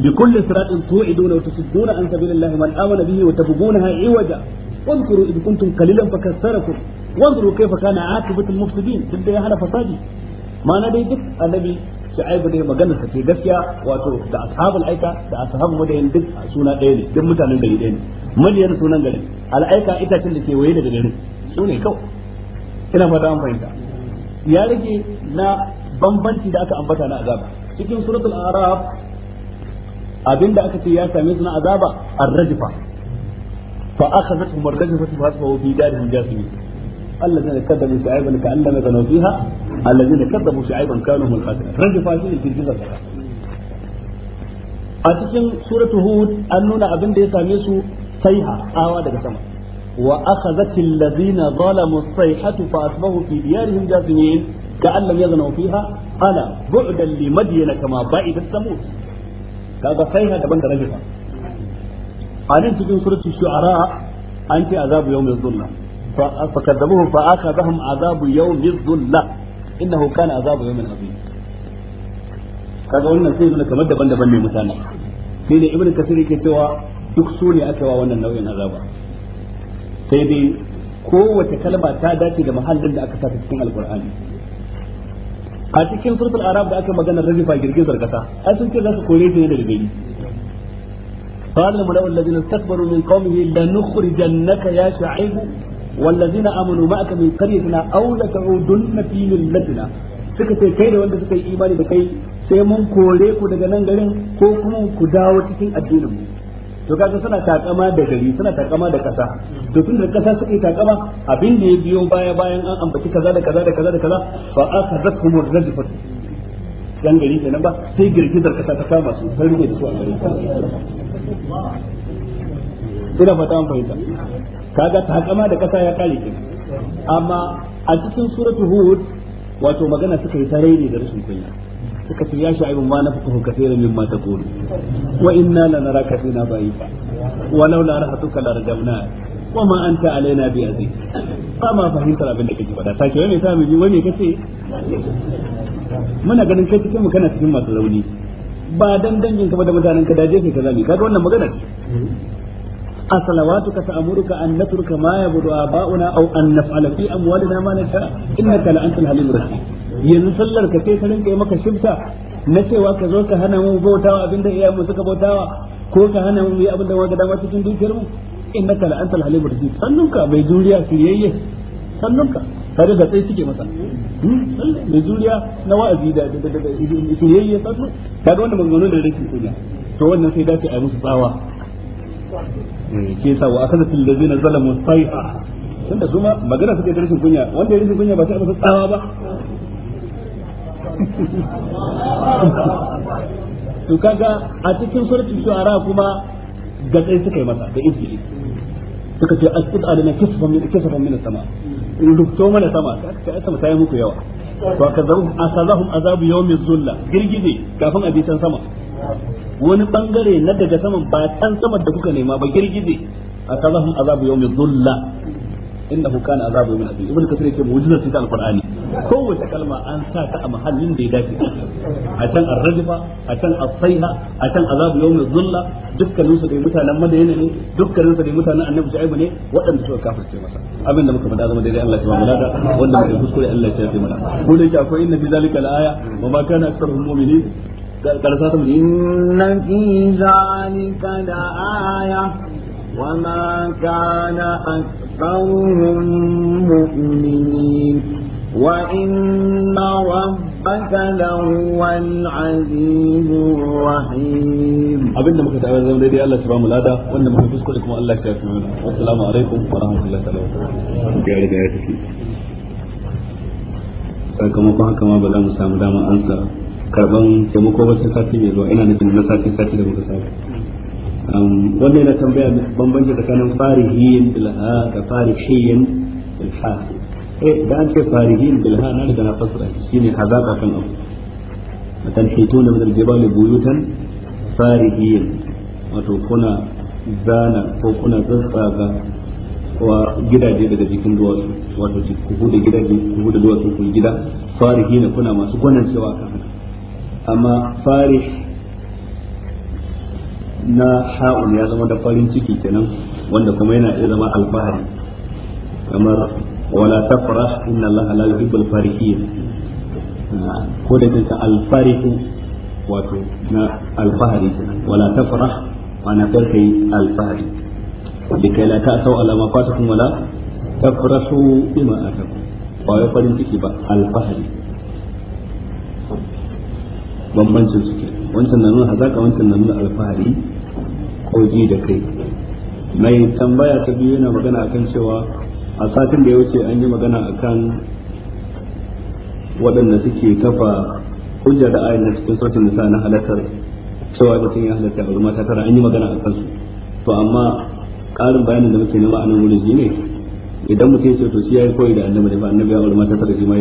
بكل صراط توعدون وتصدون عن سبيل الله من آمن به وتبغونها عوجا واذكروا إذ كنتم قليلا فكثركم وانظروا كيف كان عاقبة المفسدين تبدا ya هنا فسادي ما dai duk النبي شعيب dai maganar sa ce gaskiya wato da ashabul aika da ashabul madayan duk suna ɗaya ne duk mutanen gari ɗaya ne madayan sunan gari al'aika itacen da ke waye daga garin su ne kawai ina fata an fahimta ya rage na bambanci da aka ambata na azaba cikin suratul araf abinda aka ce ya same su na azaba ar-rajfa fa akhadathum ar-rajfa fa asbahu fi darihim jasimin alladhina kadzabu shu'ayban ka'annama kanu fiha alladhina kadzabu shu'ayban kanu hum al-khasirin rajfa shi ne girgizar a cikin suratul hud an nuna abin da ya same su saiha tsawa daga sama wa akhadhatil ladhina fa كأن لم يغنوا فيها ألا بعدا لمدين كما بعد الثمود كذا فيها دبن درجها أنا تجي سورة الشعراء أنت عذاب يوم الظلة فكذبوه فأخذهم عذاب يوم الظلة إنه كان عذاب يوم عظيم kaga wannan sai nuna kamar daban-daban ne mutane sai ne ibnu kasir yake cewa duk su ne aka wa wannan nau'in azaba sai dai kowace kalma ta dace da mahallin da aka sa cikin alkur'ani a cikin suratul arab da aka magana rajifa girgizar kasa ai sun ce za su kore ta ne daga gari قال الملأ الذين استكبروا من قومه لنخرجنك يا شعيب والذين آمنوا معك من قريتنا أو لتعودن في ملتنا suka ce kai da wanda suka yi imani da kai sai mun kore ku daga nan garin ko kuma ku dawo cikin addinin mu to kaga suna takama da gari suna takama da kasa to tun da kasa suke takama abin da ya biyo baya bayan an ambaci kaza da kaza da kaza da kaza fa akhadhakum ar-rajfat dan gari kenan ba sai girgizar kasa ta kama su sai ne su a gari ina fata an fahimta kaga takama da kasa ya kare ki amma a cikin suratul hud wato magana suka yi sarai ne da rashin kunya suka ce ya sha'ibu ma na fuku kathira mimma taqulu wa inna lanaraka fina da'ifa wa laula rahatuka larjamna wa ma anta alaina bi aziz fa ma fahimtar abin da kake faɗa sake wani ta miji wani kace muna ganin kai cikin mu kana cikin masu rauni ba dan dangin ka da mutanen ka daje ka kaza ne kaga wannan magana ce asalawatuka ta'muruka an natruka ma yabudu aba'una aw an naf'ala fi amwalina ma nasha innaka la antal halimur rahim yanzu sallar ka sai ka yi maka shimta na cewa ka zo ka hana mu bautawa abinda iyayen mu suka bautawa ko ka hana mu yi abinda wanda dama cikin dukiyar mu innaka la antal halimur rashid sannunka mai juriya siriyayye sannunka kada da tsaye suke masa hmm? mai juriya na wa'azi da siriyayye sannu kaga wanda maganganu da rashin kunya to wannan sai dace a yi musu tsawa ke eh, sa wa akadatul ladzina zalamu sai'a tunda su ma magana suke da rashin kunya wanda ya rashin kunya ba sai a masa tsawa ba to kaga a cikin suratul shu'ara kuma ga tsaye suka yi masa da ibili suka ce asqit alina kisfan min kisfan min sama rubto mana sama kaga sama ta yi muku yawa to a asazahum azabu yawmi zulla girgije kafin a bisan sama wani bangare na daga saman ba can saman da kuka nema ba girgije asazahum azabu yawmi zulla innahu kana azabu min azim ibn kasir yake mu'jizar ta alqur'ani kowace kalma an sa ta a mahallin da ya dace a can ar-rajfa a can as-sayha a can azabu yawmin zulla dukkanin su mutanen madina ne dukkanin su dai mutanen annabi shu'aib ne waɗanda suka kafirce masa abin da muka faɗa zama daidai Allah ya ba mu wanda muka kuskure Allah ya shafe mana ko da yake akwai inna fi aya إن في ذلك وما كان أكثرهم مؤمنين وإن ربك لهو العزيز الرحيم أبن لما كتاب الزمن دي الله سبحانه وتعالى وإن لما كنت أسكت لكم الله كافي والسلام عليكم ورحمة الله تعالى وبركاته sakamakon haka ma ba za mu samu dama ansa karban taimako ba sai sati mai zuwa ina nufin na sati sati da muka samu wannan yana tambaya bambanci tsakanin farihin bilha da farihin bilha eh da an ce farihin bilha na da na fasara shine hazaka kan abu matan hituna min ne buyutan farihin wato kuna zana ko kuna tsatsaga wa gidaje daga jikin duwatsu wato ku huda gidaje ku huda duwatsu ku gida farihin kuna masu gwanan cewa kan amma farihin na ha'un ya zama da farin ciki kenan wanda kuma yana iya zama alfahari kamar wala tafrah inna allaha la yuhibbul farihin ko da kanta alfarihu wato na alfahari wala tafrah ana farkai alfahari likai la ta'sau ala ma fatakum wala tafrahu bima atakum ba wai farin ciki ba alfahari bambancin su ke wancan na nuna hazaka wancan na nuna alfahari ko ji da kai mai tambaya ta biyu yana magana akan cewa a satin da ya wuce an yi magana akan waɗanda suke kafa hujja da ayin na cikin sautin nisa na halakar cewa sun ya halakar a mata tara an yi magana a kansu to amma ƙarin bayanin da muke nema a nan wurin shi ne idan mutum ce to shi ya yi koyi da annabi da annabi ya auri mata tara shi ma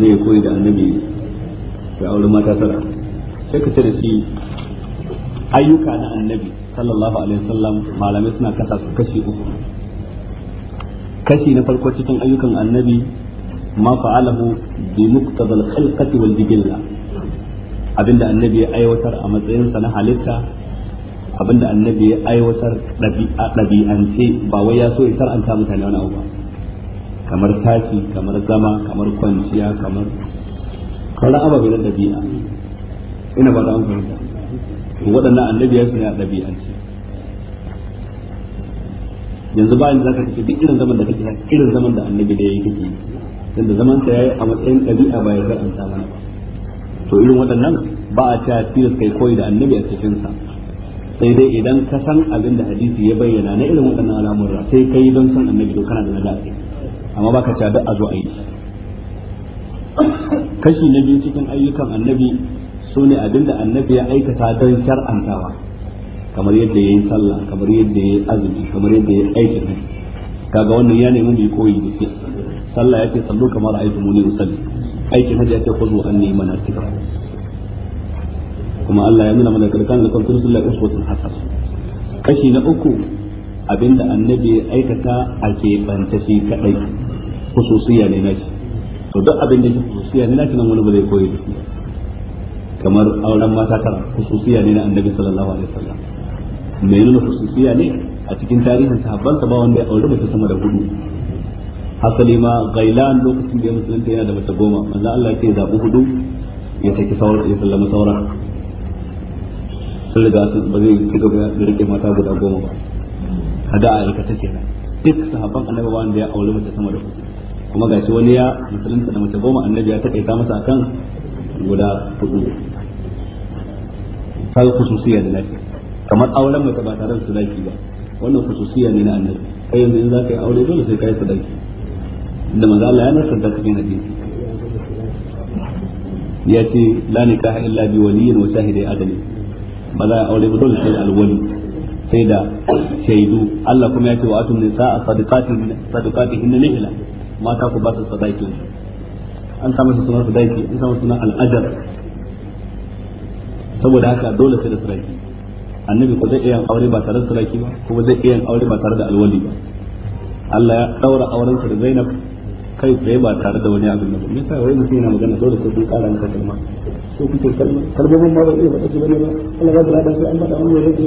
zai yi koyi da annabi ya auri mata tara sai ka ce da shi ayyuka na annabi sallallahu alaihi wasallam malamai suna kasa su kashi uku kashi na farko cikin ayyukan annabi ma fa'alahu bi muqtadal khalqati wal dibilla abinda annabi ya aiwatar a matsayin sa na halitta abinda annabi ya aiwatar ɗabi'ance ba wai ya so ya tar'anta mutane wani abu ba kamar tashi kamar zama kamar kwanciya kamar kawai ababe na ɗabi'a ina ba za mu fahimta to waɗannan annabi ya su ne a ɗabi'ance yanzu bayan za ka kace duk irin zaman da kake irin zaman da annabi da yake yi tunda zaman ta yayi a matsayin ɗabi'a ba ya karanta mana ba to irin waɗannan ba a ta tilas kai koyi da annabi a cikin sa sai dai idan ka san abin da hadisi ya bayyana na irin waɗannan al'amura sai ka yi don san annabi to kana da nada amma baka ta da a yi, kashi na biyu cikin ayyukan annabi su ne abin da annabi ya aikata don shar'antawa kamar yadda ya yi sallah kamar yadda ya yi azumi kamar yadda ya yi aikin kaga wannan ya nemi mai koyi da shi sallah ya ce sallu kamar aikin muni usalli aikin hajji ya ce kuzu an nema na tikra kuma Allah ya nuna mana karkan da kwamfutar sallah uswatun hasan kashi na uku abinda annabi ya aikata a keɓanta shi kaɗai kusursiya ne na shi to duk abin da shi kusursiya ne na shi nan wani ba zai koyi da shi kamar auren mata tara khususiya ne na annabi sallallahu alaihi wasallam mai nuna khususiya ne a cikin tarihin sahabban ba wanda ya aure mace sama da hudu hasali ma gailan lokacin da ya musulunta yana da mace goma manzo Allah ya ce zabu hudu ya saki sauran ya sallama sauran sai da su ba zai ci gaba da rike mata guda goma ba hada a aikata kenan duk sahabban annabi wanda ya aure mace sama da hudu kuma gashi wani ya musulunta da mace goma annabi ya ta masa akan guda hudu kaga khususiyya da lafiya kamar auren ba tare da sadaki ba wannan khususiyya ne na annabi kai yanzu in zaka yi aure dole sai kai sadaki da manzo Allah ya ya ce la nikaha illa bi waliyin wa adali ba za a aure ba dole sai da alwali sai da shaidu Allah kuma ya ce wa atun nisaa sadaqatin sadaqatihin nihla mata ku ba su an samu sunan sadaki an samu sunan al'ajar saboda haka dole sai da saraki annabi ko zai iya aure ba tare da saraki ba kuma zai iya aure ba tare da alwali ba Allah ya daura auren sa da Zainab kai tsaye ba tare da wani abu da ba me yasa wai mutum yana magana dole sai kun kara maka kalma ko kike kalma kalmomin ma ba iya ba take bane ba Allah ya ba da sai an bada wani rage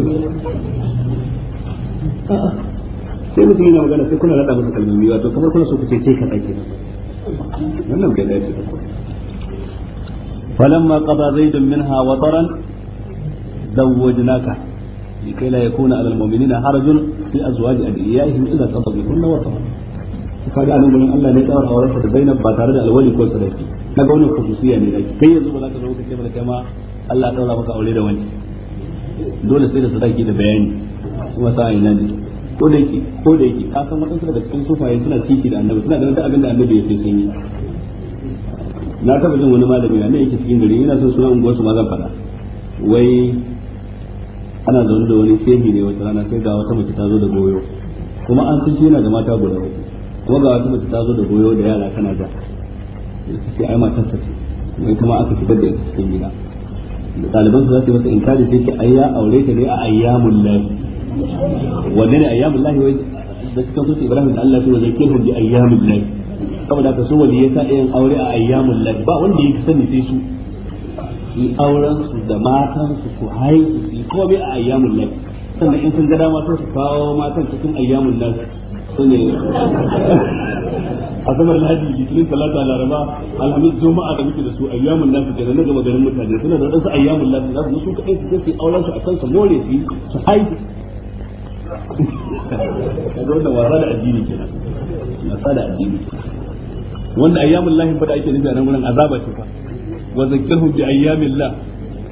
sai mutum yana magana sai kuna rada masa kalmomi wato kamar kuna so kuke ce ka tsake wannan bai dace ba فلما قضى زيد منها وطرا زوجناك لكي لا يكون على المؤمنين حرج في أزواج أدعيائهم إذا تطلقن وطرا kaga anan gurin Allah ne tsawar auren da Zainab ba tare da alwali ko sadaki kaga wannan khususiya ne dai kai yanzu ba za zo ka ce kai ma Allah ya maka aure da wani dole sai da sadaki da bayani kuma sa ina ne ko da yake ko da yake ka san wadansu daga cikin sufaye suna kishi da annabi suna ganin abin da annabi ya fi sun yi na taba jin wani malami na yake cikin gari yana son sunan unguwar su ma zan faɗa wai ana zaune da wani shehi ne wata rana sai ga wata mace ta zo da goyo kuma an san shi yana da mata guda uku kuma ga wata mace ta zo da goyo da yara tana da ce ai matar ta ce mai kuma aka fitar da ita cikin gida ɗaliban su za su yi masa inkari sai ke ayya aure ta ne a ayyamun lahi wanne ne ayyamun lahi wai da cikin sosai ibrahim da allah ya ce wa zai ayyamun lahi saboda ka so wani ya sa yin aure a ayyamun lad ba wanda ya sani sai su yi auren su da matan su ku haihu su komai a ayyamun lad sannan in sun ga dama su kawo matan cikin ayyamul lad sune asabar lahadi litinin talata laraba alhamis juma'a da muke da su ayyamun nasu da na gaba garin mutane suna da wadansu ayyamun nasu za su su kadai su je auren su more su su kaga wannan wasa da addini kenan wasa da addini kenan wanda ayyamin lahi fa ake nufi a nan gurin azaba ce fa wa zakkahu bi ayyamin la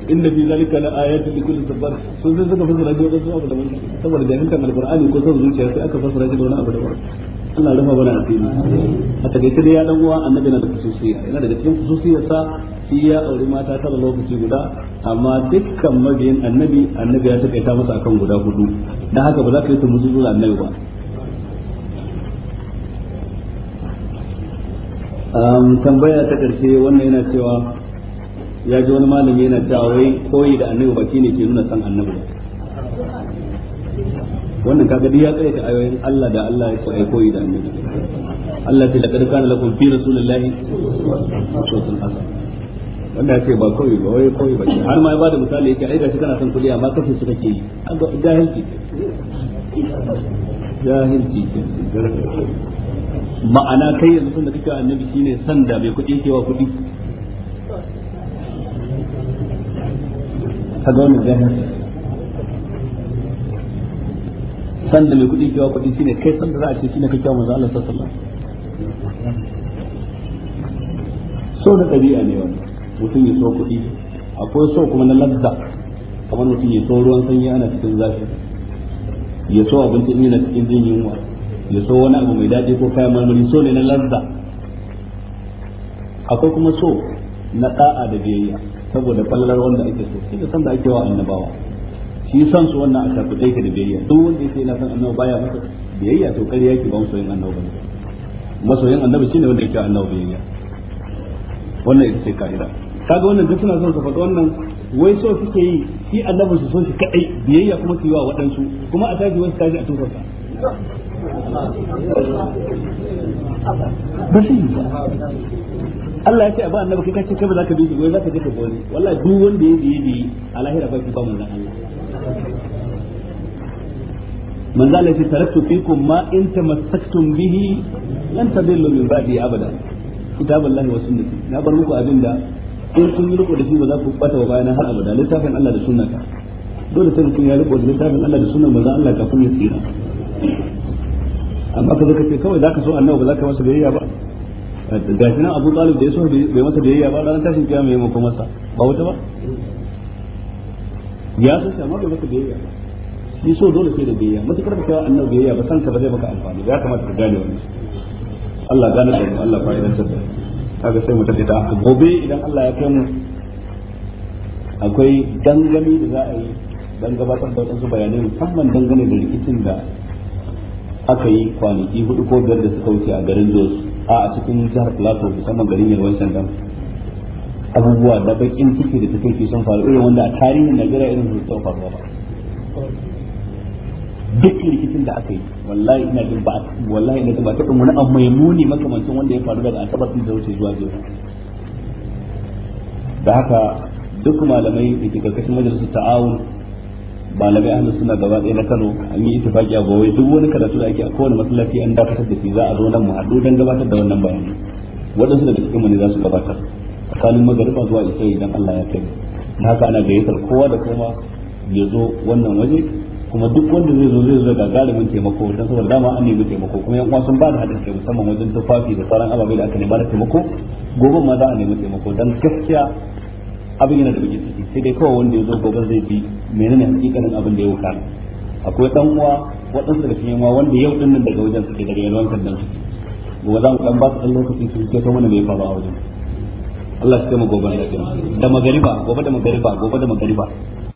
inna fi zalika la ayatin li kulli sabar sun zai suka fasara da wannan abu mun saboda jahilkan alqur'ani ko son zuciya sai aka fasara da wannan abu daban Allah rufa bana asiri a takaice dai ya dan uwa annabi na da kususiya yana daga cikin kususiyar sa shi ya aure mata da lokaci guda amma dukkan mabiyin annabi annabi ya taƙaita masa akan guda hudu dan haka ba za ka yi ta musu zuwa annabi ba tambaya ta karshe wannan yana cewa ya ji wani malami yana cewa wai koyi da annabi baki ne ke nuna san annabi wannan kaga duk ya tsaya ta ayoyin Allah da Allah ya ce koyi da annabi Allah ta laqad kana lakum fi rasulillahi wanda ya ce ba koyi ba wai koyi ba har ma ya bada misali yake ai gashi kana son kuɗi amma kasu suka kake yi jahilci jahilci ma'ana kai yanzu da kake annabi shine sanda mai kuɗi cewa kuɗi ka ga wannan jami'a sanda mai kuɗi cewa kuɗi shine kai sanda za a ce shine kake manzo Allah sallallahu alaihi wasallam so da ɗabi'a ne wannan mutum ya so kuɗi akwai so kuma na ladda kamar mutum ya so ruwan sanyi ana cikin zafi ya so abinci ne na cikin jin yunwa ya so wani abu mai daɗi ko kayan marmari so ne na lanza akwai kuma so na da'a da biyayya saboda fallar wanda ake so shi san da ake wa annabawa shi san su wannan a shafi ɗaya da biyayya duk wanda yake yana san annabawa baya masa biyayya to ƙarya ke ba masoyin annabawa ba masoyin annabi shine wanda yake annabawa biyayya wannan ita ce ka'ida kaga wannan duk suna son su faɗi wannan wai so suke yi shi annabi su so shi kaɗai biyayya kuma su yi wa waɗansu kuma a taji wasu taji a tufarsa ba Allah ya ce a ba annabi kai kai ba za ka bi gobe za ka je ka gobe wallahi duk wanda ya bi ya bi a lahira ba ki ba mun Allah man zalla fi ma in tamassaktum bihi lan tadillu min ba'di abada kitaballahi wa sunnati na bar muku abinda in kun riko da shi ba za ku bata bayan har abada littafin Allah da sunnata dole sai kun ya da littafin Allah da sunnar manzo Allah ka kun yi tsira amma ka zaka ce kawai zaka so annabi ba zaka masa biyayya ba ga shi nan Abu Talib da ya so bai masa biyayya ba ranar tashin kiyama yayin mako masa ba wata ba ya so shi amma bai masa biyayya ba shi so dole sai da biyayya matukar da cewa annabi biyayya ba san ka ba zai maka amfani ya kamata ka gane wannan Allah gane da mu Allah fa'idan ta kaga sai mu tabbata gobe idan Allah ya kai mu akwai dangane da za a yi dan gabatar da wasu bayanai musamman dangane da rikicin da aka yi kwanaki hudu ko biyar da suka wuce a garin Jos a a cikin jihar Plateau musamman garin Yalwan Shandam abubuwa da bakin ciki da take sun faru irin wanda a tarihin Najeriya irin su tsawon faruwa ba duk rikicin da aka yi wallahi ina jin ba wallahi ina jin ba taɓa wani abu mai muni makamancin wanda ya faru daga asabar da wuce zuwa jiya da haka duk malamai da ke karkashin majalisar ta'awun malamai ahlus sunna gaba ɗaya na Kano an yi ittifaki a gobe duk wani karatu da ake a kowane masallaci an dakatar da shi za a zo nan mu haɗu don gabatar da wannan bayani wadansu daga cikin mu ne za su gabatar tsakanin magariba zuwa isa idan Allah ya kai na haka ana gayyatar kowa da kowa ya zo wannan waje kuma duk wanda zai zo zai zo ga galibin taimako don saboda dama an nemi taimako kuma yan sun ba da hadin kai musamman wajen tufafi da sauran ababai da aka nema na taimako gobe ma za a nemi taimako don gaskiya abin yana da bakin ciki sai dai kawai wanda ya zo gobe zai bi menene hakikanin abin da ya wuka akwai dan uwa waɗansu da cikin wa wanda yau dinnan daga wajen suke daga yalwan kan dan suke gobe za mu dan ba su dan lokacin su ke so mana mai faru a wajen Allah shi mu gobe da magariba gobe da magariba gobe da magariba